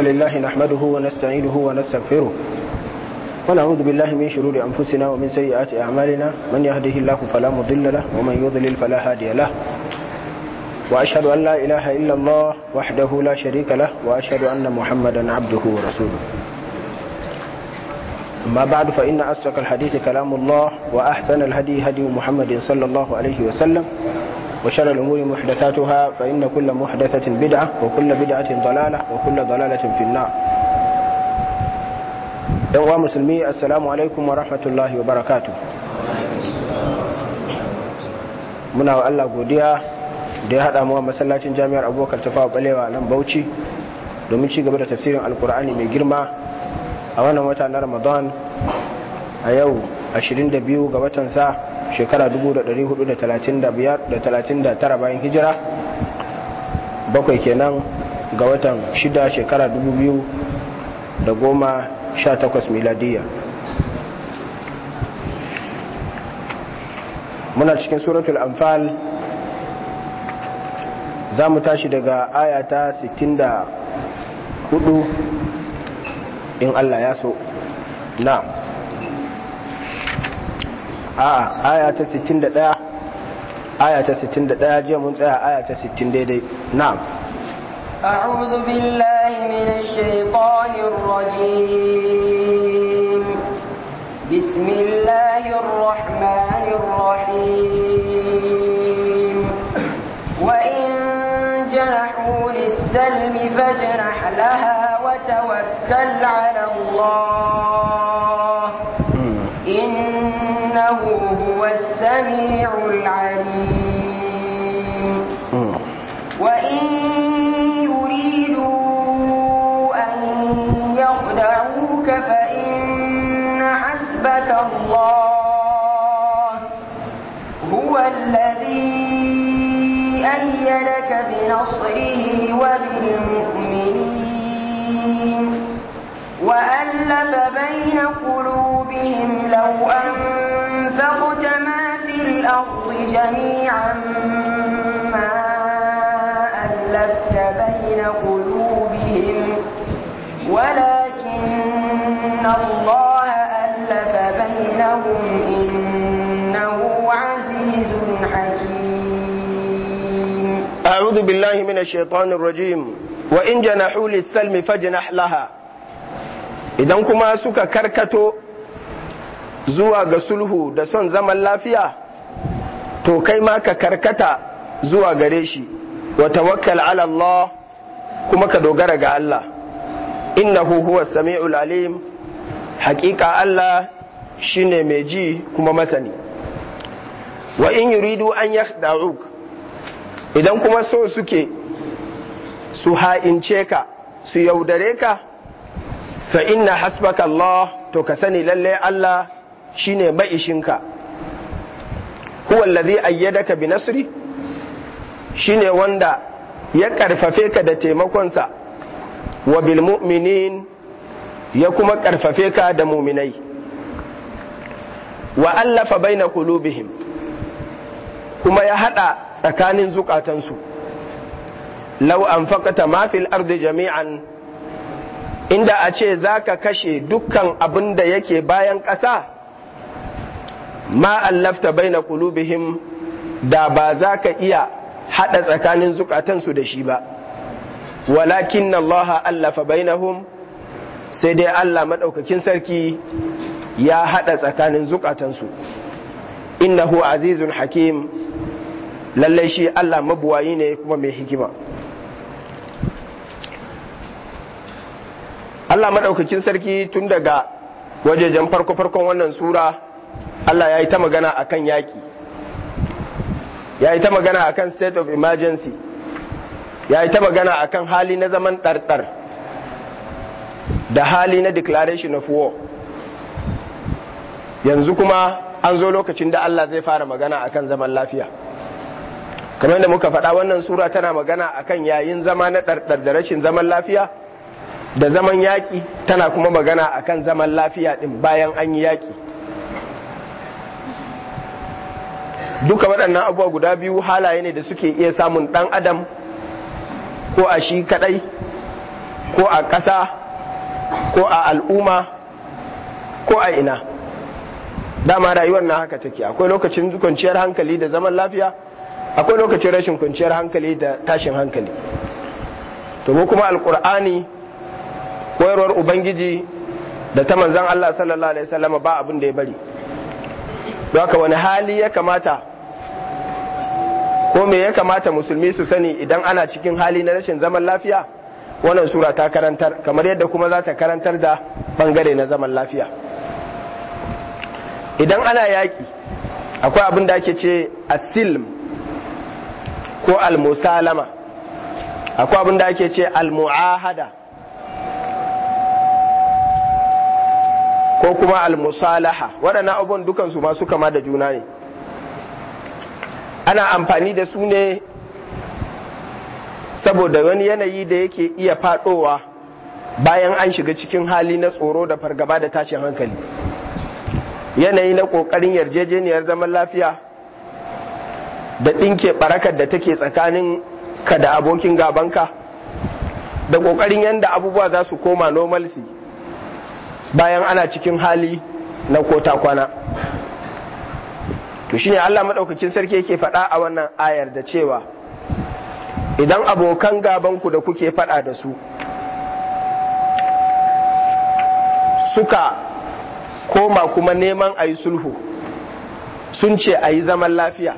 لله نحمده ونستعينه ونستغفره ونعوذ بالله من شرور أنفسنا ومن سيئات أعمالنا من يهده الله فلا مضل له ومن يضلل فلا هادي له وأشهد أن لا إله إلا الله وحده لا شريك له وأشهد أن محمدا عبده ورسوله أما بعد فإن أصدق الحديث كلام الله وأحسن الهدي هدي محمد صلى الله عليه وسلم وشر الأمور محدثاتها فإن كل محدثة بدعة وكل بدعة ضلالة وكل ضلالة في النار يوم مسلمي السلام عليكم ورحمة الله وبركاته muna wa Allah godiya da ya haɗa muwa masallacin jami'ar abokan tafawa balewa nan bauchi domin ci gaba da tafsirin alkur'ani mai girma a wannan wata na ramadan a yau 22 ga watan sa shekara tara bayan hijira bakwai kenan ga watan shida shekara 2018 miladiyya muna cikin suratul anfal za mu tashi daga ayata 64 in Allah ya so na'am a'a أعوذ بالله من الشيطان الرجيم بسم الله الرحمن الرحيم وإن جنحوا للسلم فاجنح لها وتوكل على الله لك بنصره وبالمؤمنين وألف بين قلوبهم لو أنفقت ما في الأرض جميعا ما ألفت بين قلوبهم ولكن الله أعوذ بالله من الشيطان الرجيم وإن جنحوا للسلم فجنح لها idan kuma suka karkato zuwa ga sulhu da son zaman lafiya to kai ma ka karkata zuwa gare shi wa tawakkal ala kuma ka dogara ga Allah innahu huwa sami'ul alim haƙiƙa Allah shine mai ji kuma masani wa in yuridu an yakhda'uka idan kuma so suke su ha'ince ka su yaudare ka fa inna hasbaka Allah to ka sani lalle Allah shine ka. huwa allazi ayyadaka bi nasri shine wanda ya karfafe ka da taimakonsa wa bilmuminin ya kuma karfafe ka da muminai wa allafa baina qulubihim kuma ya haɗa tsakanin zukatansu lau an fakata mafil ardi jami'an inda a ce za ka kashe dukkan abin da yake bayan ƙasa ma allafta bai na kulubihim da ba za ka iya haɗa tsakanin zukatansu da shi ba walakin na allaha allafa bainahum sai dai allah maɗaukakin sarki ya haɗa tsakanin zukatansu innahu azizun hakim lallai shi Allah mabuwayi ne kuma mai hikima Allah maɗaukakin sarki tun daga wajejen farko-farkon wannan sura Allah ya yi ta magana a kan yaƙi ya yi ta magana a kan state of emergency ya yi ta magana a kan hali na zaman ɗarɗar da hali na declaration of war yanzu kuma an zo lokacin da Allah zai fara magana akan zaman lafiya kamar yadda muka faɗa wannan sura tana magana akan yayin zama na ɗarɗar da rashin zaman lafiya da zaman yaƙi tana kuma magana akan zaman lafiya ɗin bayan an yi yaƙi duka waɗannan abubuwa guda biyu halaye ne da suke iya samun ɗan adam ko a shi kaɗai ko a ƙasa ko a al'umma ko a ina dama rayuwar na haka take akwai lokacin kwanciyar hankali da zaman lafiya akwai lokacin rashin kwanciyar hankali da tashin hankali to mu kuma alkur'ani koyarwar ubangiji da ta manzan Allah sallallahu alaihi wasallam ba abin da ya bari don haka wani hali ya kamata ko me ya kamata musulmi su sani idan ana cikin hali na rashin zaman lafiya wannan sura ta karantar kamar yadda kuma za ta karantar da bangare na zaman lafiya idan ana yaƙi akwai abin da ake ce asilm ko almusalama akwai abin da ake ce almu'ahada ko kuma almusalaha waɗannan abubuwan dukansu masu kama da juna ne ana amfani da su ne saboda wani yanayi da yake iya faɗowa bayan an shiga cikin hali na tsoro da fargaba da tashin hankali yanayi na ƙoƙarin yarjejeniyar zaman lafiya da ɗinke ɓarakar da take tsakanin ka da abokin gabanka da ƙoƙarin yadda abubuwa za su koma normalcy bayan ana cikin hali na kota kwana to shine Allah maɗaukakin sarki yake faɗa a wannan ayar da cewa idan abokan gabanku da kuke faɗa da su suka koma kuma neman a yi sulhu sun ce a yi zaman lafiya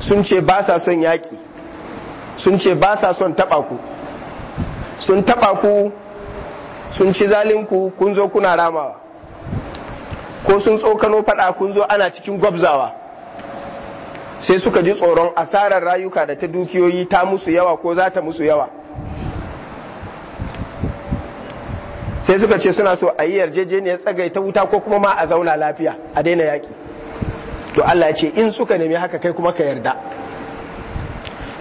sun ce ba sa son yaƙi sun ce ba sa son taɓa ku sun taɓa ku sun ci zalinku kun zo kuna ramawa ko sun tsokano faɗa kun zo ana cikin gwabzawa sai suka ji tsoron asarar rayuka da ta dukiyoyi ta musu yawa ko za ta musu yawa sai suka ce suna so a yi yarjejeniyar ta wuta ko kuma ma a zauna lafiya a daina yaki to Allah ya ce in suka nemi haka kai kuma ka yarda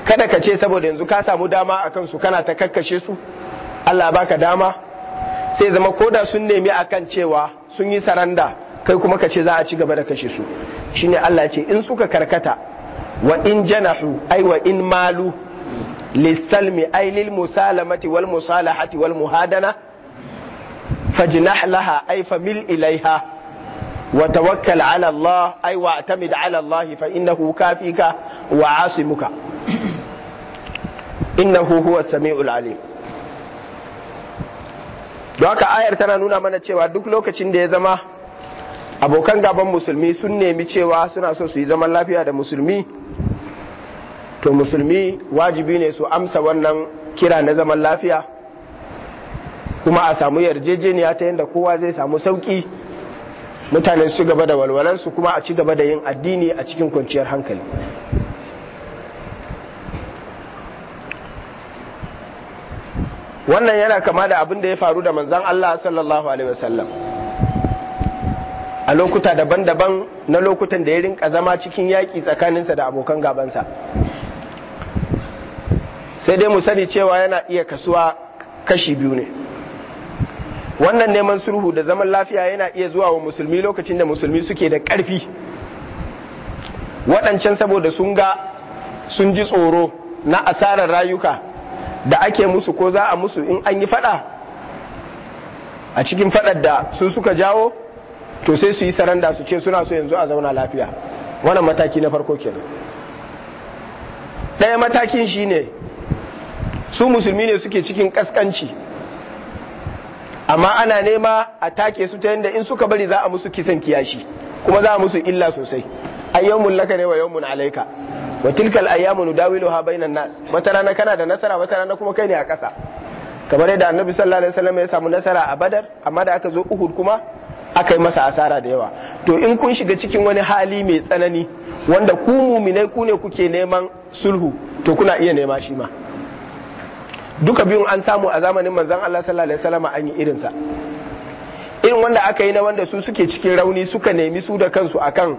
kada ka ce saboda yanzu ka samu dama a kansu kana ta kakkashe su Allah baka dama sai zama ko da sun nemi a kan cewa sun yi saranda kai kuma ka ce za a ci gaba da kashe su shine Allah ce in suka karkata wa in janahu ai wa in malu lisalmi ai lil musalamati wal musalahati wal muhadana fajnah لها أي فمل ilaiha وتوكل على الله Allah واعتمد على الله Allah كافيك وعاصمك إنه هو السميع العليم huwa alim haka ayar tana nuna mana cewa duk lokacin da ya zama abokan gaban musulmi sun nemi cewa suna so su yi zaman lafiya da musulmi to musulmi wajibi ne su amsa wannan kira na zaman lafiya kuma a samu yarjejeniya ta yadda kowa zai samu sauki mutane su gaba da walwalansu kuma a ci gaba da yin addini a cikin kwanciyar hankali wannan yana kama da abin da ya faru da manzan Allah sallallahu alaihi wasallam a lokuta daban-daban na lokutan da ya rinka zama cikin yaƙi tsakaninsa da abokan gabansa sai dai mu sani cewa yana iya kasuwa kashi biyu ne wannan neman sulhu da zaman lafiya yana iya zuwa wa musulmi lokacin da musulmi suke da ƙarfi waɗancan saboda sun ga sun ji tsoro na asarar rayuka da ake musu ko za a musu in an yi faɗa a cikin faɗar da sun suka jawo to sai su yi saranda su ce suna so yanzu a zauna lafiya wannan mataki na farko kenan ɗaya matakin shine su musulmi ne suke cikin ƙasƙanci amma ana nema a take su ta yadda in suka bari za a musu kisan kiyashi kuma za a musu illa sosai ayyamun laka ne wa yawmun alaika wa tilkal ayyamu nudawiluha bainan nas wata rana kana da nasara wata rana kuma kai ne a ƙasa kamar yadda annabi sallallahu alaihi wasallam ya samu nasara a badar amma da aka zo uhud kuma aka yi masa asara da yawa to in kun shiga cikin wani hali mai tsanani wanda ku muminai ku ne kuke neman sulhu to kuna iya nema shi ma duka biyun an samu a zamanin manzon Allah sallallahu alaihi wasallam an yi irinsa irin wanda aka yi na wanda su suke cikin rauni suka nemi su da kansu akan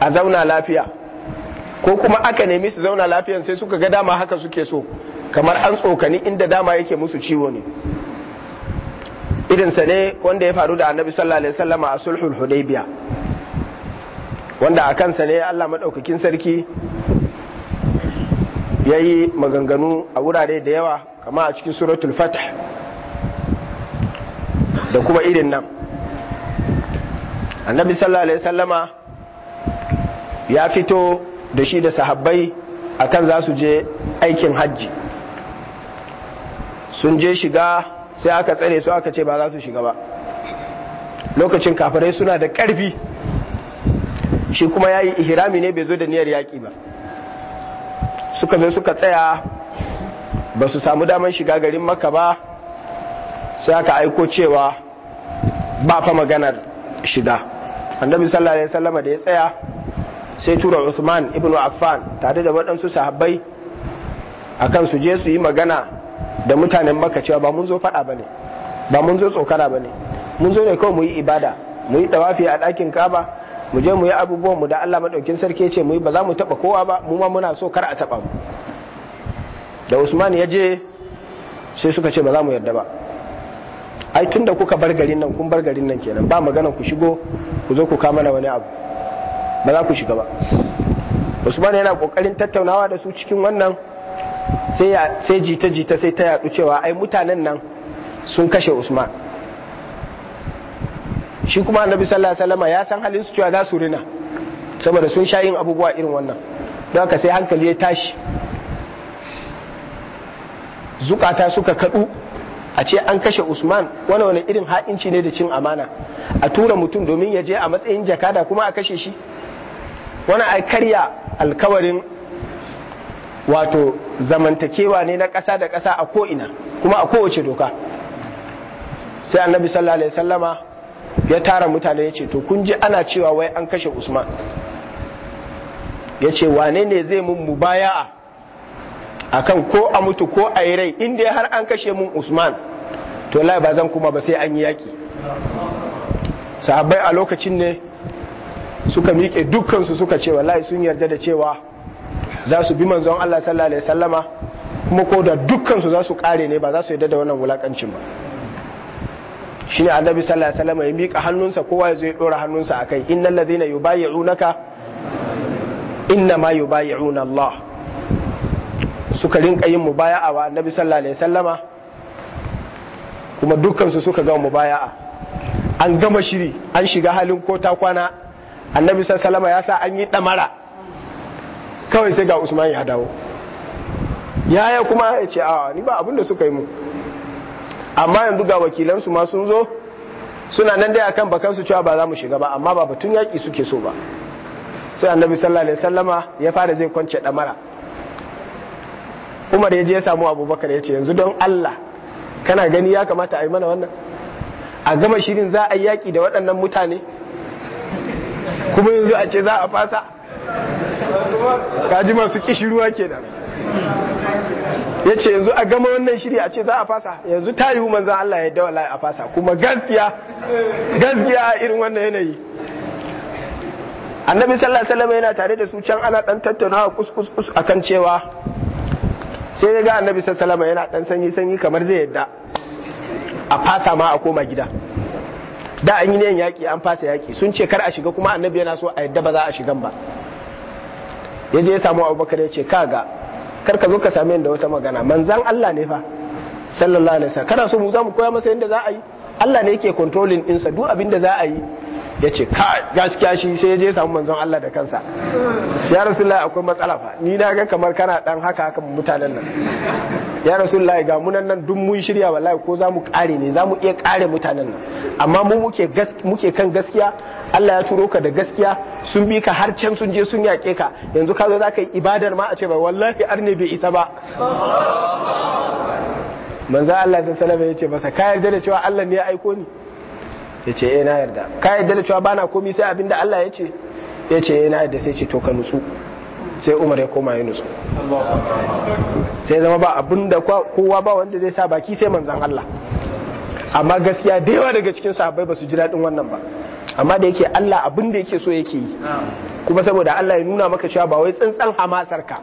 a zauna lafiya ko kuma aka nemi su zauna lafiyan sai suka ga dama haka suke so kamar an tsokani inda dama yake musu ciwo ne irinsa ne wanda ya faru da annabi sallallahu alaihi wasallam a sulhul hudaybiya wanda a kansa ne Allah madaukakin sarki ya yi maganganu a wurare da yawa kama a cikin suratul fatah da kuma irin nan annabi sallallahu alaihi sallama ya fito da shi da sahabbai akan za su je aikin hajji sun je shiga sai aka tsare su aka ce ba za su shiga ba lokacin kafirai suna da ƙarfi shi kuma ya yi ihrami ne bai zo da niyyar yaƙi ba suka zo suka tsaya ba su samu damar shiga garin maka ba sai aka aiko cewa ba fa maganar shiga annabi sallallahu alaihi wasallam da ya tsaya sai tura Usman Ibnu Affan tare da waɗansu sahabbai akan su je su yi magana da mutanen maka cewa ba mun zo faɗa ba ne ba mun zo tsokara ba mun zo ne kawai mu yi ibada mu yi ɗawafi a ɗakin kaba mu je mu yi abubuwan mu da Allah madaukin sarki ce mu yi ba za mu taba kowa ba mu ma muna so kar a taba mu da Usman ya je sai suka ce ba za mu yarda ba ai tunda kuka bar garin nan kun bar garin nan kenan ba magana ku shigo ku zo ku kama wani abu ba za ku shiga ba Usman yana kokarin tattaunawa da su cikin wannan sai jita jita sai ta yadu cewa ai mutanen nan sun kashe Usman shi kuma annabi sallallahu alaihi wasallam ya san halin su cewa za su rina saboda sun sha yin abubuwa irin wannan don haka sai hankali ya tashi zukata suka kadu a ce an kashe usman wani wani irin ha'inci ne da cin amana a tura mutum domin ya je a matsayin jakada kuma a kashe shi wani a karya alkawarin wato zamantakewa ne na ƙasa da ƙasa a ko'ina kuma a kowace doka sai annabi sallallahu alaihi sallama ya tara mutane ya ce to kun ji ana cewa wai an kashe usman ya ce wane ne zai mun a kan ko a mutu ko a yi rai inda har an kashe mun usman to lai ba zan kuma ba sai an yi yaƙi sahabbai a lokacin ne suka miƙe dukkansu suka ce lai sun yarda da cewa za su bi manzon Allah sallallahu alaihi sallama kuma ko da dukkansu za su kare ne ba za su yarda da wannan wulakancin ba shine annabi sallallahu alaihi wasallam ya mika hannunsa kowa ya zo ya dora hannunsa akai innal ladina yubayyi'unaka inna ma yubayyi'una Allah suka rinka yin mubaya'a wa annabi sallallahu alaihi wasallama kuma dukkan su suka ga mubaya'a an gama shiri an shiga halin kota kwana annabi sallallahu alaihi wasallama ya sa an yi damara kawai sai ga Usman ya dawo yaya kuma ya ce a ni ba abin da suka yi mu amma yanzu ga wakilansu ma sun zo suna nan dai akan bakansu cewa ba za mu shiga ba amma ba batun yaƙi suke so ba sai annabi sallallahu alaihi sallama ya fara zai kwance ɗamara umar ya je ya samu abubakar ya ce yanzu don allah kana gani ya kamata a yi mana wannan a gama shirin za a yi yaƙi da waɗannan mutane kuma yanzu a ce za a fasa kaji masu kishi ruwa kenan ya ce yanzu a gama wannan shiri a ce za a fasa yanzu ta yi manzan Allah ya dawa a fasa kuma gaskiya a irin wannan yanayi annabi sallallahu alaihi yana tare da su can ana dan tattaunawa kuskus kus akan cewa sai ya ga annabi sallallahu yana dan sanyi sanyi kamar zai yadda a fasa ma a koma gida da an yi ne yaki an fasa yaki sun ce kar a shiga kuma annabi yana so a yadda ba za a shigan ba yaje ya samu abubakar ya ce kaga kar ka zo ka same da wata magana manzan Allah ne fa sallallahu alaihi wasallam kana so mu za mu koya masa yadda za a yi Allah ne yake controlling ɗinsa duk abin da za a yi ya ce ka gaskiya shi sai ya je samu manzon Allah da kansa ya rasulullahi akwai matsala fa ni na ga kamar kana dan haka haka mutanen nan ya rasulullahi ga munan nan duk mun shirya wallahi ko zamu kare ne zamu iya kare mutanen nan amma mu muke muke kan gaskiya Allah ya turo ka da gaskiya sun bi ka har can sun je sun yaƙe ka yanzu ka zo za ka yi ibadar ma a ce ba wallahi arne bai isa ba manzo Allah sallallahu alaihi wasallam ya ce masa ka yarda da cewa Allah ne ya aiko ni ya ce eh, na yarda ka yarda da cewa bana komi sai abinda Allah ya ce ya ce eh, na yarda sai ce to ka nutsu sai Umar ya koma ya nutsu sai zama ba abin da kowa ba wanda zai sa baki sai manzan Allah amma gaskiya da yawa daga cikin sahabbai ba su ji daɗin wannan ba amma da yake Allah abin da yake so yake yi kuma saboda Allah ya nuna maka cewa ba wai tsantsan hamasar ka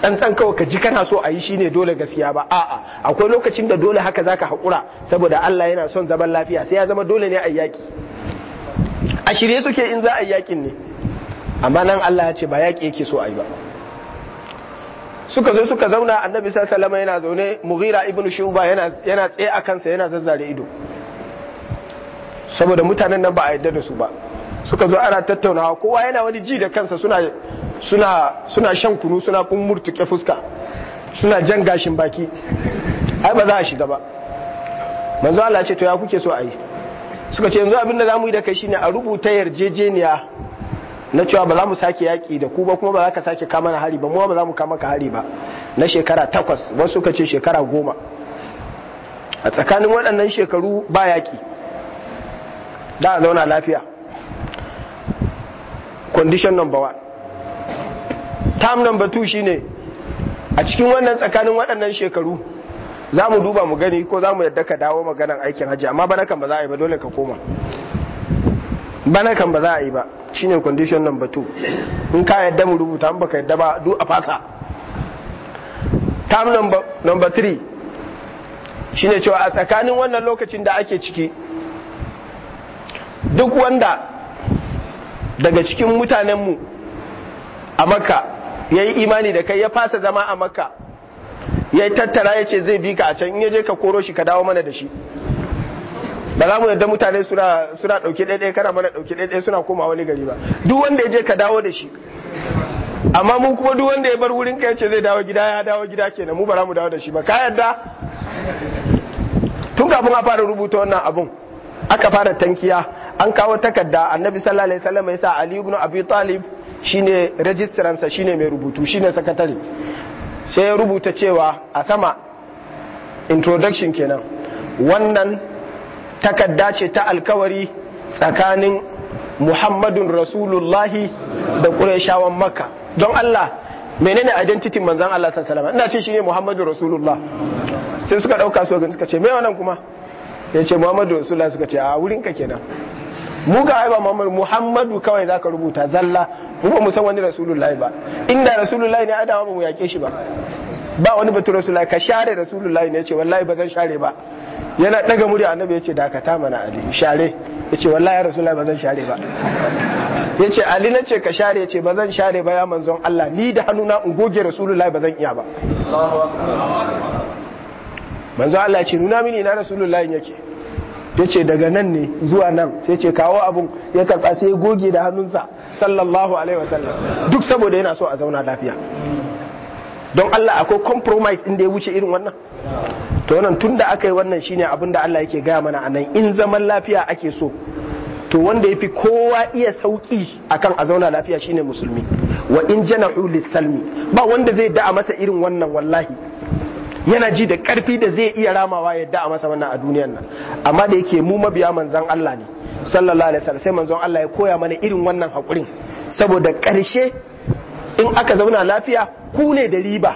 tsantsan kawai ka ji kana so a yi ne dole gaskiya ba a'a akwai lokacin da dole haka zaka hakura saboda Allah yana son zaman lafiya sai ya zama dole ne a yaki a shirye suke in za a yi yakin ne amma nan Allah ya ce ba yaki yake so a yi ba suka zo suka zauna annabi sallallahu alaihi yana zaune mughira ibnu shuba yana yana tsaye a kansa yana zazzare ido saboda mutanen nan ba a yarda da su ba suka zo ana tattaunawa kowa yana wani ji da kansa suna suna shan kunu suna kun murtuke fuska suna jan gashin baki ai ba za a shiga ba manzo Allah ce to ya kuke so a yi suka ce yanzu abin da zamu yi da kai shine a rubuta yarjejeniya na cewa ba za mu sake yaƙi da ku ba kuma ba za ka sake kama na hari ba mu ba za mu kama ka hari ba na shekara takwas wasu suka ce shekara goma a tsakanin waɗannan shekaru ba yaƙi da a zauna lafiya condition number one term number two shine a cikin wannan tsakanin waɗannan shekaru za mu duba mu gani ko za mu yadda ka dawo maganan aikin hajji amma bana kan ba za a yi ba dole ka koma bana kan ba za a yi ba shine condition number two in ka yadda mu rubuta in baka yadda ba duk a fasa term number, number three shine cewa a tsakanin wannan lokacin da ake ciki duk wanda daga cikin mutanenmu a makka ya yi imani da kai ya fasa zama a makka ya yi tattara ya ce zai bi ka a can in ya je ka koro shi ka dawo mana da shi ba za mu yadda mutane suna dauke daidai, ɗaiɗai kana mana dauke ɗaiɗai suna koma wani gari ba duk wanda ya je ka dawo da shi amma mu kuma duk wanda ya bar wurin ka yace zai dawo gida ya dawo gida kenan mu ba za mu dawo da shi ba ka yadda tun kafin a fara rubuta wannan abun aka fara tankiya an kawo takarda annabi sallallahu alaihi wasallam ya sa ali ibn abi talib shine registrar sa shine mai rubutu shine sakatare sai ya rubuta cewa a sama introduction kenan wannan takarda ce ta alkawari tsakanin muhammadun rasulullahi da qurayshawan makka don Allah menene identity manzan Allah sallallahu alaihi wasallam ina ce shine muhammadun rasulullah sai suka dauka su suka ce me wannan kuma ya ce muhammadu rasulullah suka ce a wurin ka kenan mu ka haiba muhammadu muhammadu kawai zaka rubuta zalla mu ba mu san wani rasulullahi ba inda rasulullahi ne adama ba mu yake shi ba ba wani batun rasulullahi ka share rasulullahi ne ya ce wallahi ba zan share ba yana daga murya annabi ya ce dakata mana ali share ya ce wallahi ya rasulullahi ba zan share ba ya ce ali na ce ka share ya ce ba zan share ba ya manzon Allah ni da hannuna in goge rasulullahi ba zan iya ba manzo Allah ya ce nuna mini ina rasulullahi yake ya daga nan ne zuwa nan sai ce kawo abun ya karɓa sai ya goge da hannunsa sallallahu alaihi wasallam duk saboda yana so a zauna lafiya don Allah akwai compromise inda ya wuce irin wannan to wannan tun da aka yi wannan shine abin da Allah yake gaya mana a nan in zaman lafiya ake so to wanda ya fi kowa iya sauki akan a zauna lafiya shine musulmi wa in jana'u lis-salmi ba wanda zai da'a masa irin wannan wallahi yana ji da karfi da zai iya ramawa yadda a masa wannan a duniyar nan amma da yake mu mabiya manzon Allah ne sallallahu alaihi wasallam sai manzon Allah ya koya mana irin wannan hakurin saboda karshe in aka zauna lafiya ku ne da riba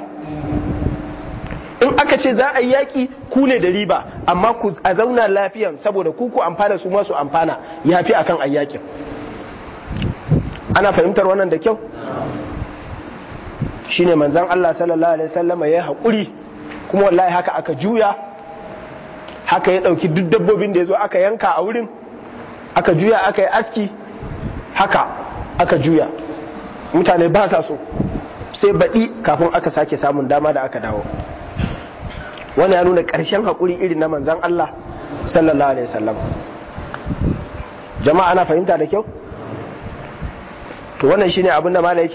in aka ce za a yi yaƙi ku ne da riba amma ku a zauna lafiyan saboda ku ku amfana su masu amfana ya fi akan a yaƙin ana fahimtar wannan da kyau shine manzon Allah sallallahu alaihi wasallam ya haƙuri kuma wallahi haka aka juya haka ya ɗauki duk dabbobin da ya zo aka yanka a wurin aka juya aka yi aski haka aka juya mutane ba sa so sai baɗi kafin aka sake samun dama da aka dawo wani ya nuna ƙarshen haƙuri irin na manzan Allah sallallahu alaihi wasallam jama'a ana fahimta da kyau to wannan shine abin da Allah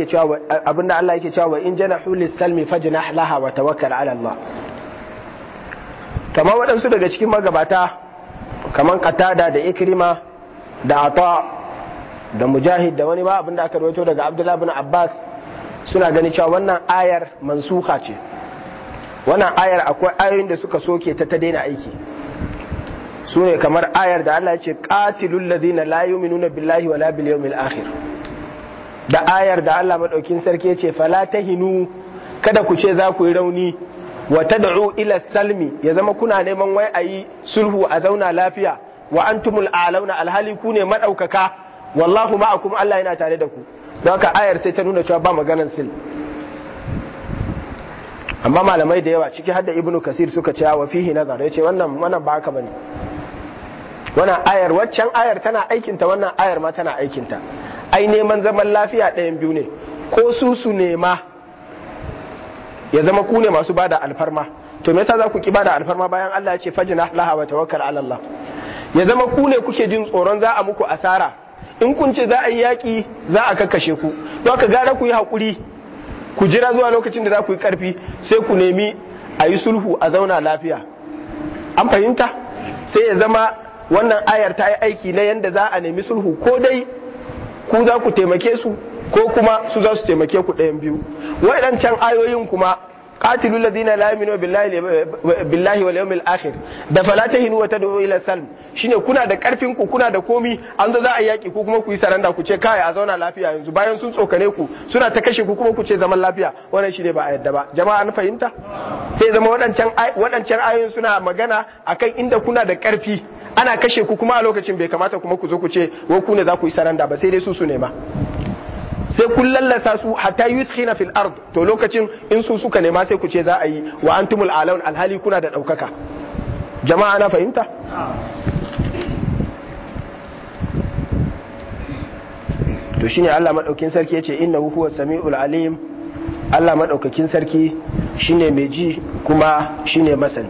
yake cewa wa in janahu lis-salmi fajnah laha wa tawakkal ala Allah kamar waɗansu daga cikin magabata kamar katada da Ikirima da ata da mujahid da wani ba da aka rawaito daga abdullahi bin abbas suna gani cewa wannan ayar mansuka ce wannan ayar akwai ayoyin da suka soke ta ta daina aiki su ne kamar ayar da Allah ya ce na ladina la yu'minuna billahi wala bil yawmil akhir da ayar da Allah madaukin sarki ya ce fala hinu kada ku ce za ku yi rauni wa tad'u ila salmi ya zama kuna neman wai ayi sulhu a zauna lafiya wa antumul alauna alhali ku ne madaukaka wallahu ma'akum Allah yana tare da ku don haka ayar sai ta nuna cewa ba maganar sil amma malamai da yawa ciki hadda ibnu kasir suka ce wa fihi nazar yace wannan wannan ba haka bane wannan ayar waccan ayar tana aikinta wannan ayar ma tana aikinta ai neman zaman lafiya ɗayan biyu ne ko su su nema ya zama ku ne masu bada alfarma to me yasa za ku ki bada alfarma bayan Allah ya ce fajna laha wa tawakkal ala Allah ya zama ku ne kuke jin tsoron za a muku asara in kun ce za a yi yaƙi za a kakkashe ku don ka gara ku yi hakuri ku jira zuwa lokacin da za ku yi ƙarfi sai ku nemi a yi sulhu a zauna lafiya an fahimta sai ya zama wannan ayar ta yi aiki na yanda za a nemi sulhu ko dai ku za ku taimake su ko kuma su za su taimake ku ɗayan biyu waɗancan ayoyin kuma قاتلوا الذين لا يؤمنون بالله بالله واليوم الاخر da fala tahinu wa tad'u ila salm shine kuna da karfin ku kuna da komi an zo za a yaki ku kuma ku yi saranda ku ce kai a zauna lafiya yanzu bayan sun tsokane ku suna ta kashe ku kuma ku ce zaman lafiya wannan shine ba a yadda ba jama'a an fahimta sai zama wadancan wadancan ayoyin suna magana akan inda kuna da karfi ana kashe ku kuma a lokacin bai kamata kuma ku zo ku ce wai ku ne za ku yi saranda ba sai dai su su nema sai kun lallasa su hatta yudkhina fil ard to lokacin in su suka nema sai ku ce za a yi wa antumul alaun alhali kuna da daukaka jama'a na fahimta to shine Allah madaukin sarki yace innahu huwa samiul alim Allah madaukakin sarki shine mai ji kuma shine masani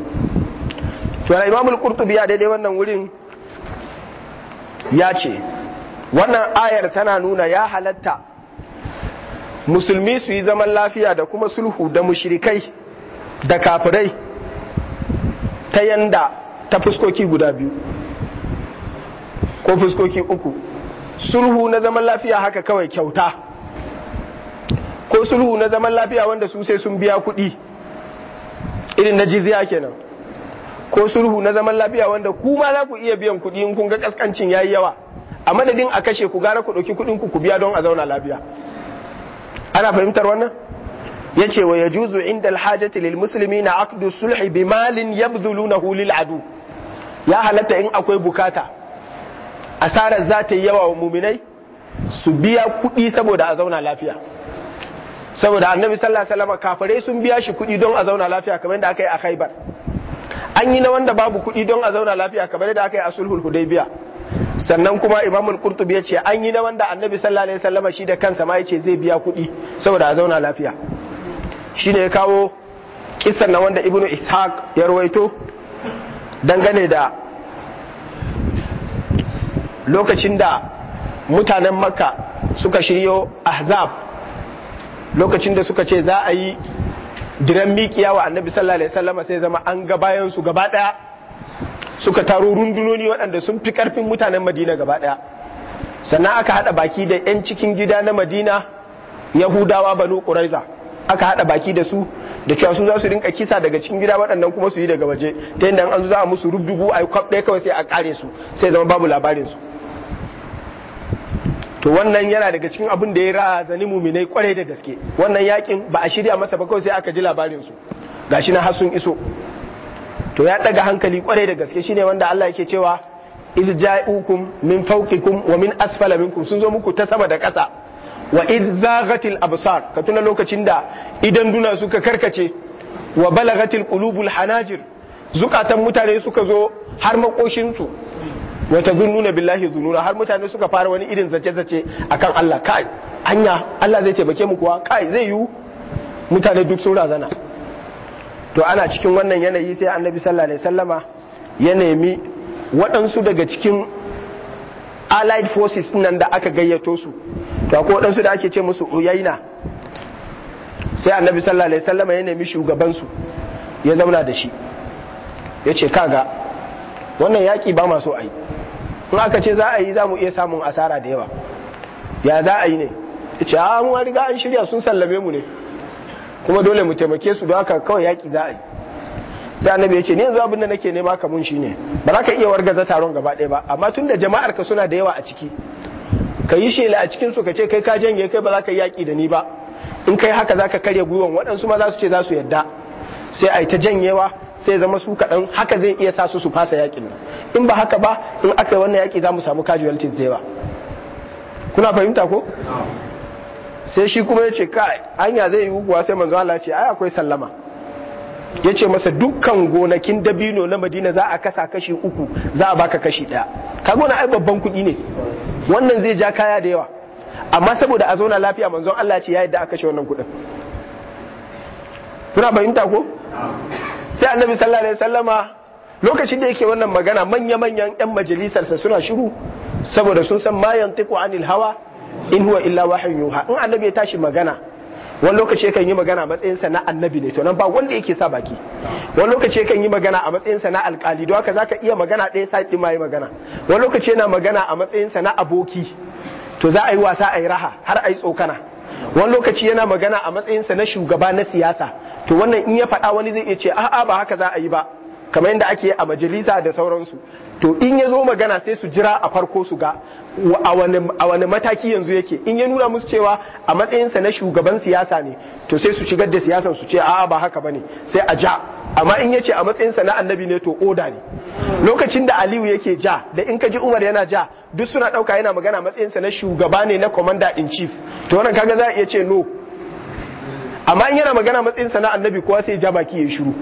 to Imam al-Qurtubi a daidai wannan wurin ya ce wannan ayar tana nuna ya halatta musulmi su yi zaman lafiya da kuma sulhu da mushrikai da kafirai ta yanda ta fuskoki guda biyu ko fuskoki uku sulhu na zaman lafiya haka kawai kyauta ko sulhu na zaman lafiya wanda su sai sun biya kuɗi irin na jizya kenan ko sulhu na zaman lafiya wanda kuma ma za ku iya biyan kuɗi in kun ga kaskancin yayi yawa a madadin a kashe ku gara ku ɗauki kuɗin ku ku biya don a zauna lafiya ana fahimtar wannan Ya ce wa yajuzu inda alhajati lil na aqdu sulhi bi malin yabdhulunahu Hulil adu ya halatta in akwai bukata asarar za ta yi yawa wa muminai su biya kuɗi saboda a zauna lafiya saboda annabi sallallahu alaihi wasallam kafare sun biya shi kuɗi don a zauna lafiya kamar yadda aka yi a Khaibar an yi na wanda babu kuɗi don a zauna lafiya kamar yadda aka yi a sulhul hudaybiya sannan kuma imamul qurtubi yace an yi na wanda annabi sallallahu alaihi wasallama shi da kansa ma yace zai biya kuɗi saboda a zauna lafiya shine ya kawo ƙisan na wanda ibnu ishaq ya rawaito dangane da lokacin da mutanen makka suka shiryo ahzab lokacin da suka ce za a yi diran miƙiya wa annabi sallallahu alaihi wasallama sai zama an ga bayan su gaba daya suka taro rundunoni waɗanda sun fi ƙarfin mutanen madina gaba ɗaya sannan aka haɗa baki da 'yan cikin gida na madina yahudawa banu ƙuraiza aka haɗa baki da su da cewa sun za su rinka kisa daga cikin gida waɗannan kuma su yi daga waje ta yadda an za a musu rubdugu a kwaf ɗaya kawai sai a ƙare su sai zama babu labarin su to wannan yana daga cikin abin da ya zani muminai kwarai da gaske wannan yakin ba a shirya masa ba kawai sai aka ji labarin su gashi na har sun iso to ya daga hankali kwarai da gaske shine wanda Allah yake cewa iz ja'ukum min fawqikum wa min asfala minkum sun zo muku ta sama da ƙasa wa iz zaghatil absar ka tuna lokacin da idan duna suka karkace wa balagatil qulubul hanajir zukatan mutane suka zo har makoshin su wa tazununa billahi zununa har mutane suka fara wani irin zace-zace akan Allah kai anya Allah zai taimake mu kuwa kai zai yi mutane duk sun razana to ana cikin wannan yanayi sai annabi sallallahu alaihi sallama ya nemi waɗansu daga cikin allied forces nan da aka gayyato su to akwai waɗansu da ake ce musu uyaina sai annabi sallallahu alaihi sallama ya nemi shugabansu ya zauna da shi ya ce kaga wannan yaƙi ba ma so yi in aka ce za a yi za mu iya samun asara da yawa ya za a yi ne ya ce a mu riga an shirya sun sallame mu ne kuma dole mu taimake su don haka kawai yaƙi za a yi sai annabi ya ce ni yanzu abin da nake nema ka mun shine ba za ka iya wargaza taron gaba ɗaya ba amma tun da jama'ar ka suna da yawa a ciki ka yi shela a cikinsu ka ce kai ka janye kai ba za ka yi yaƙi da ni ba in kai haka za ka karya gwiwan waɗansu ma za su ce za su yadda sai a yi ta janyewa sai zama su kaɗan haka zai iya sa su su fasa yaƙin nan in ba haka ba in aka yi wannan yaƙi za mu samu casualties da yawa kuna fahimta ko sai shi kuma ya ce kai anya zai yi kuwa sai manzo Allah ce ai akwai sallama ya ce masa dukkan gonakin dabino na madina za a kasa kashi uku za a baka kashi daya kaga wani ai babban kuɗi ne wannan zai ja kaya da yawa amma saboda a zauna lafiya manzon Allah ce ya yadda a kashe wannan kuɗin kuna fahimta ko sai annabi sallallahu alaihi sallama lokacin da yake wannan magana manya-manyan 'yan majalisarsa suna shiru saboda sun san mayan yantiku anil hawa in huwa illa wahyun yuha in annabi ya tashi magana wani lokaci kan yi magana a matsayinsa na annabi ne to nan ba wanda yake sa baki wani lokaci kan yi magana a matsayinsa na alkali don haka zaka iya magana ɗaya saki ɗin ma yi magana wani lokaci yana magana a matsayinsa na aboki to za a yi wasa a yi raha har a yi tsokana wani lokaci yana magana a matsayinsa na shugaba na siyasa to wannan in ya faɗa wani zai iya ce a'a ba haka za a yi ba kamar yadda ake a majalisa da sauransu to in ya zo magana sai su jira a farko su ga a wani mataki yanzu yake in ya nuna musu cewa a matsayinsa na shugaban siyasa ne to sai su shigar da siyasan su ce a ba haka ba ne sai a ja amma in yace a matsayinsa na annabi ne to oda ne lokacin da Aliyu yake ja da in ka ji Umar yana ja duk suna dauka yana magana matsayinsa na shugaba ne na commander in chief to wannan kaga za a iya ce no amma in yana magana matsayinsa na annabi kowa sai ja baki ya shiru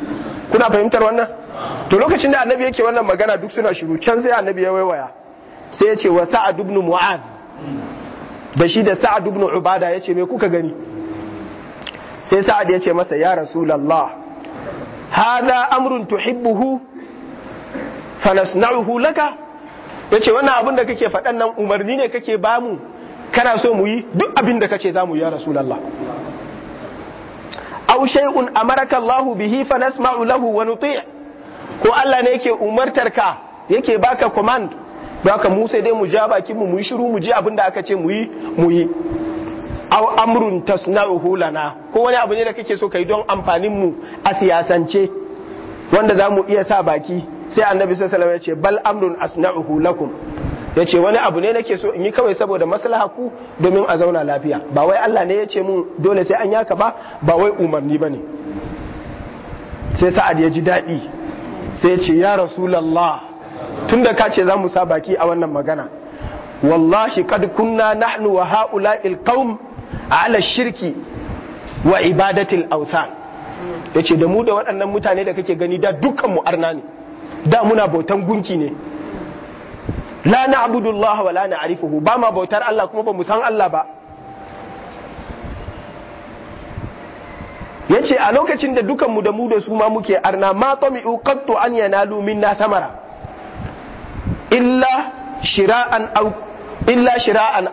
kuna fahimtar wannan to lokacin da annabi yake wannan magana duk suna shiru can sai annabi ya waiwaya sai ya ce wa sa'ad ibn mu'ad da shi da sa'ad ibn ubada ya ce me kuka gani sai sa'ad ya masa ya rasulullah hadha amrun tuhibbuhu fanasna'uhu laka yace wannan abin da kake faɗan nan umarni ne kake bamu kana so mu yi duk abin da kace zamu ya rasulullah aw shay'un amaraka Allah bihi fanasma'u lahu wa nuti' ko Allah ne yake umartarka yake baka command don haka mu sai dai mu ja bakin mu yi shiru mu ji abin da aka ce mu yi mu yi aw amrun tasna'u hulana ko wani abu ne da kake so kai don amfanin mu a siyasance wanda za mu iya sa baki sai annabi sallallahu alaihi wasallam ya ce bal amrun asna'uhu lakum ya ce wani abu ne nake so in yi kawai saboda maslaha ku domin a zauna lafiya ba wai Allah ne ya ce mun dole sai an yaka ba ba wai umarni bane sai sa'ad ya ji daɗi sai ce ya rasulallah tunda ka ce za mu sa baki a wannan magana wallahi kad kunna nahnu wa ha'ula'il qaum ala shirki wa ibadatil awthan yace da mu da waɗannan mutane da kake gani da dukkan mu arna ne da muna bautan gunki ne la na'budu Allah wa la na'rifuhu ba ma bautar Allah kuma ba mu san Allah ba yace a lokacin da dukkan mu da mu da su ma muke arna ma tami'u qattu an yanalu minna thamara illa shira'an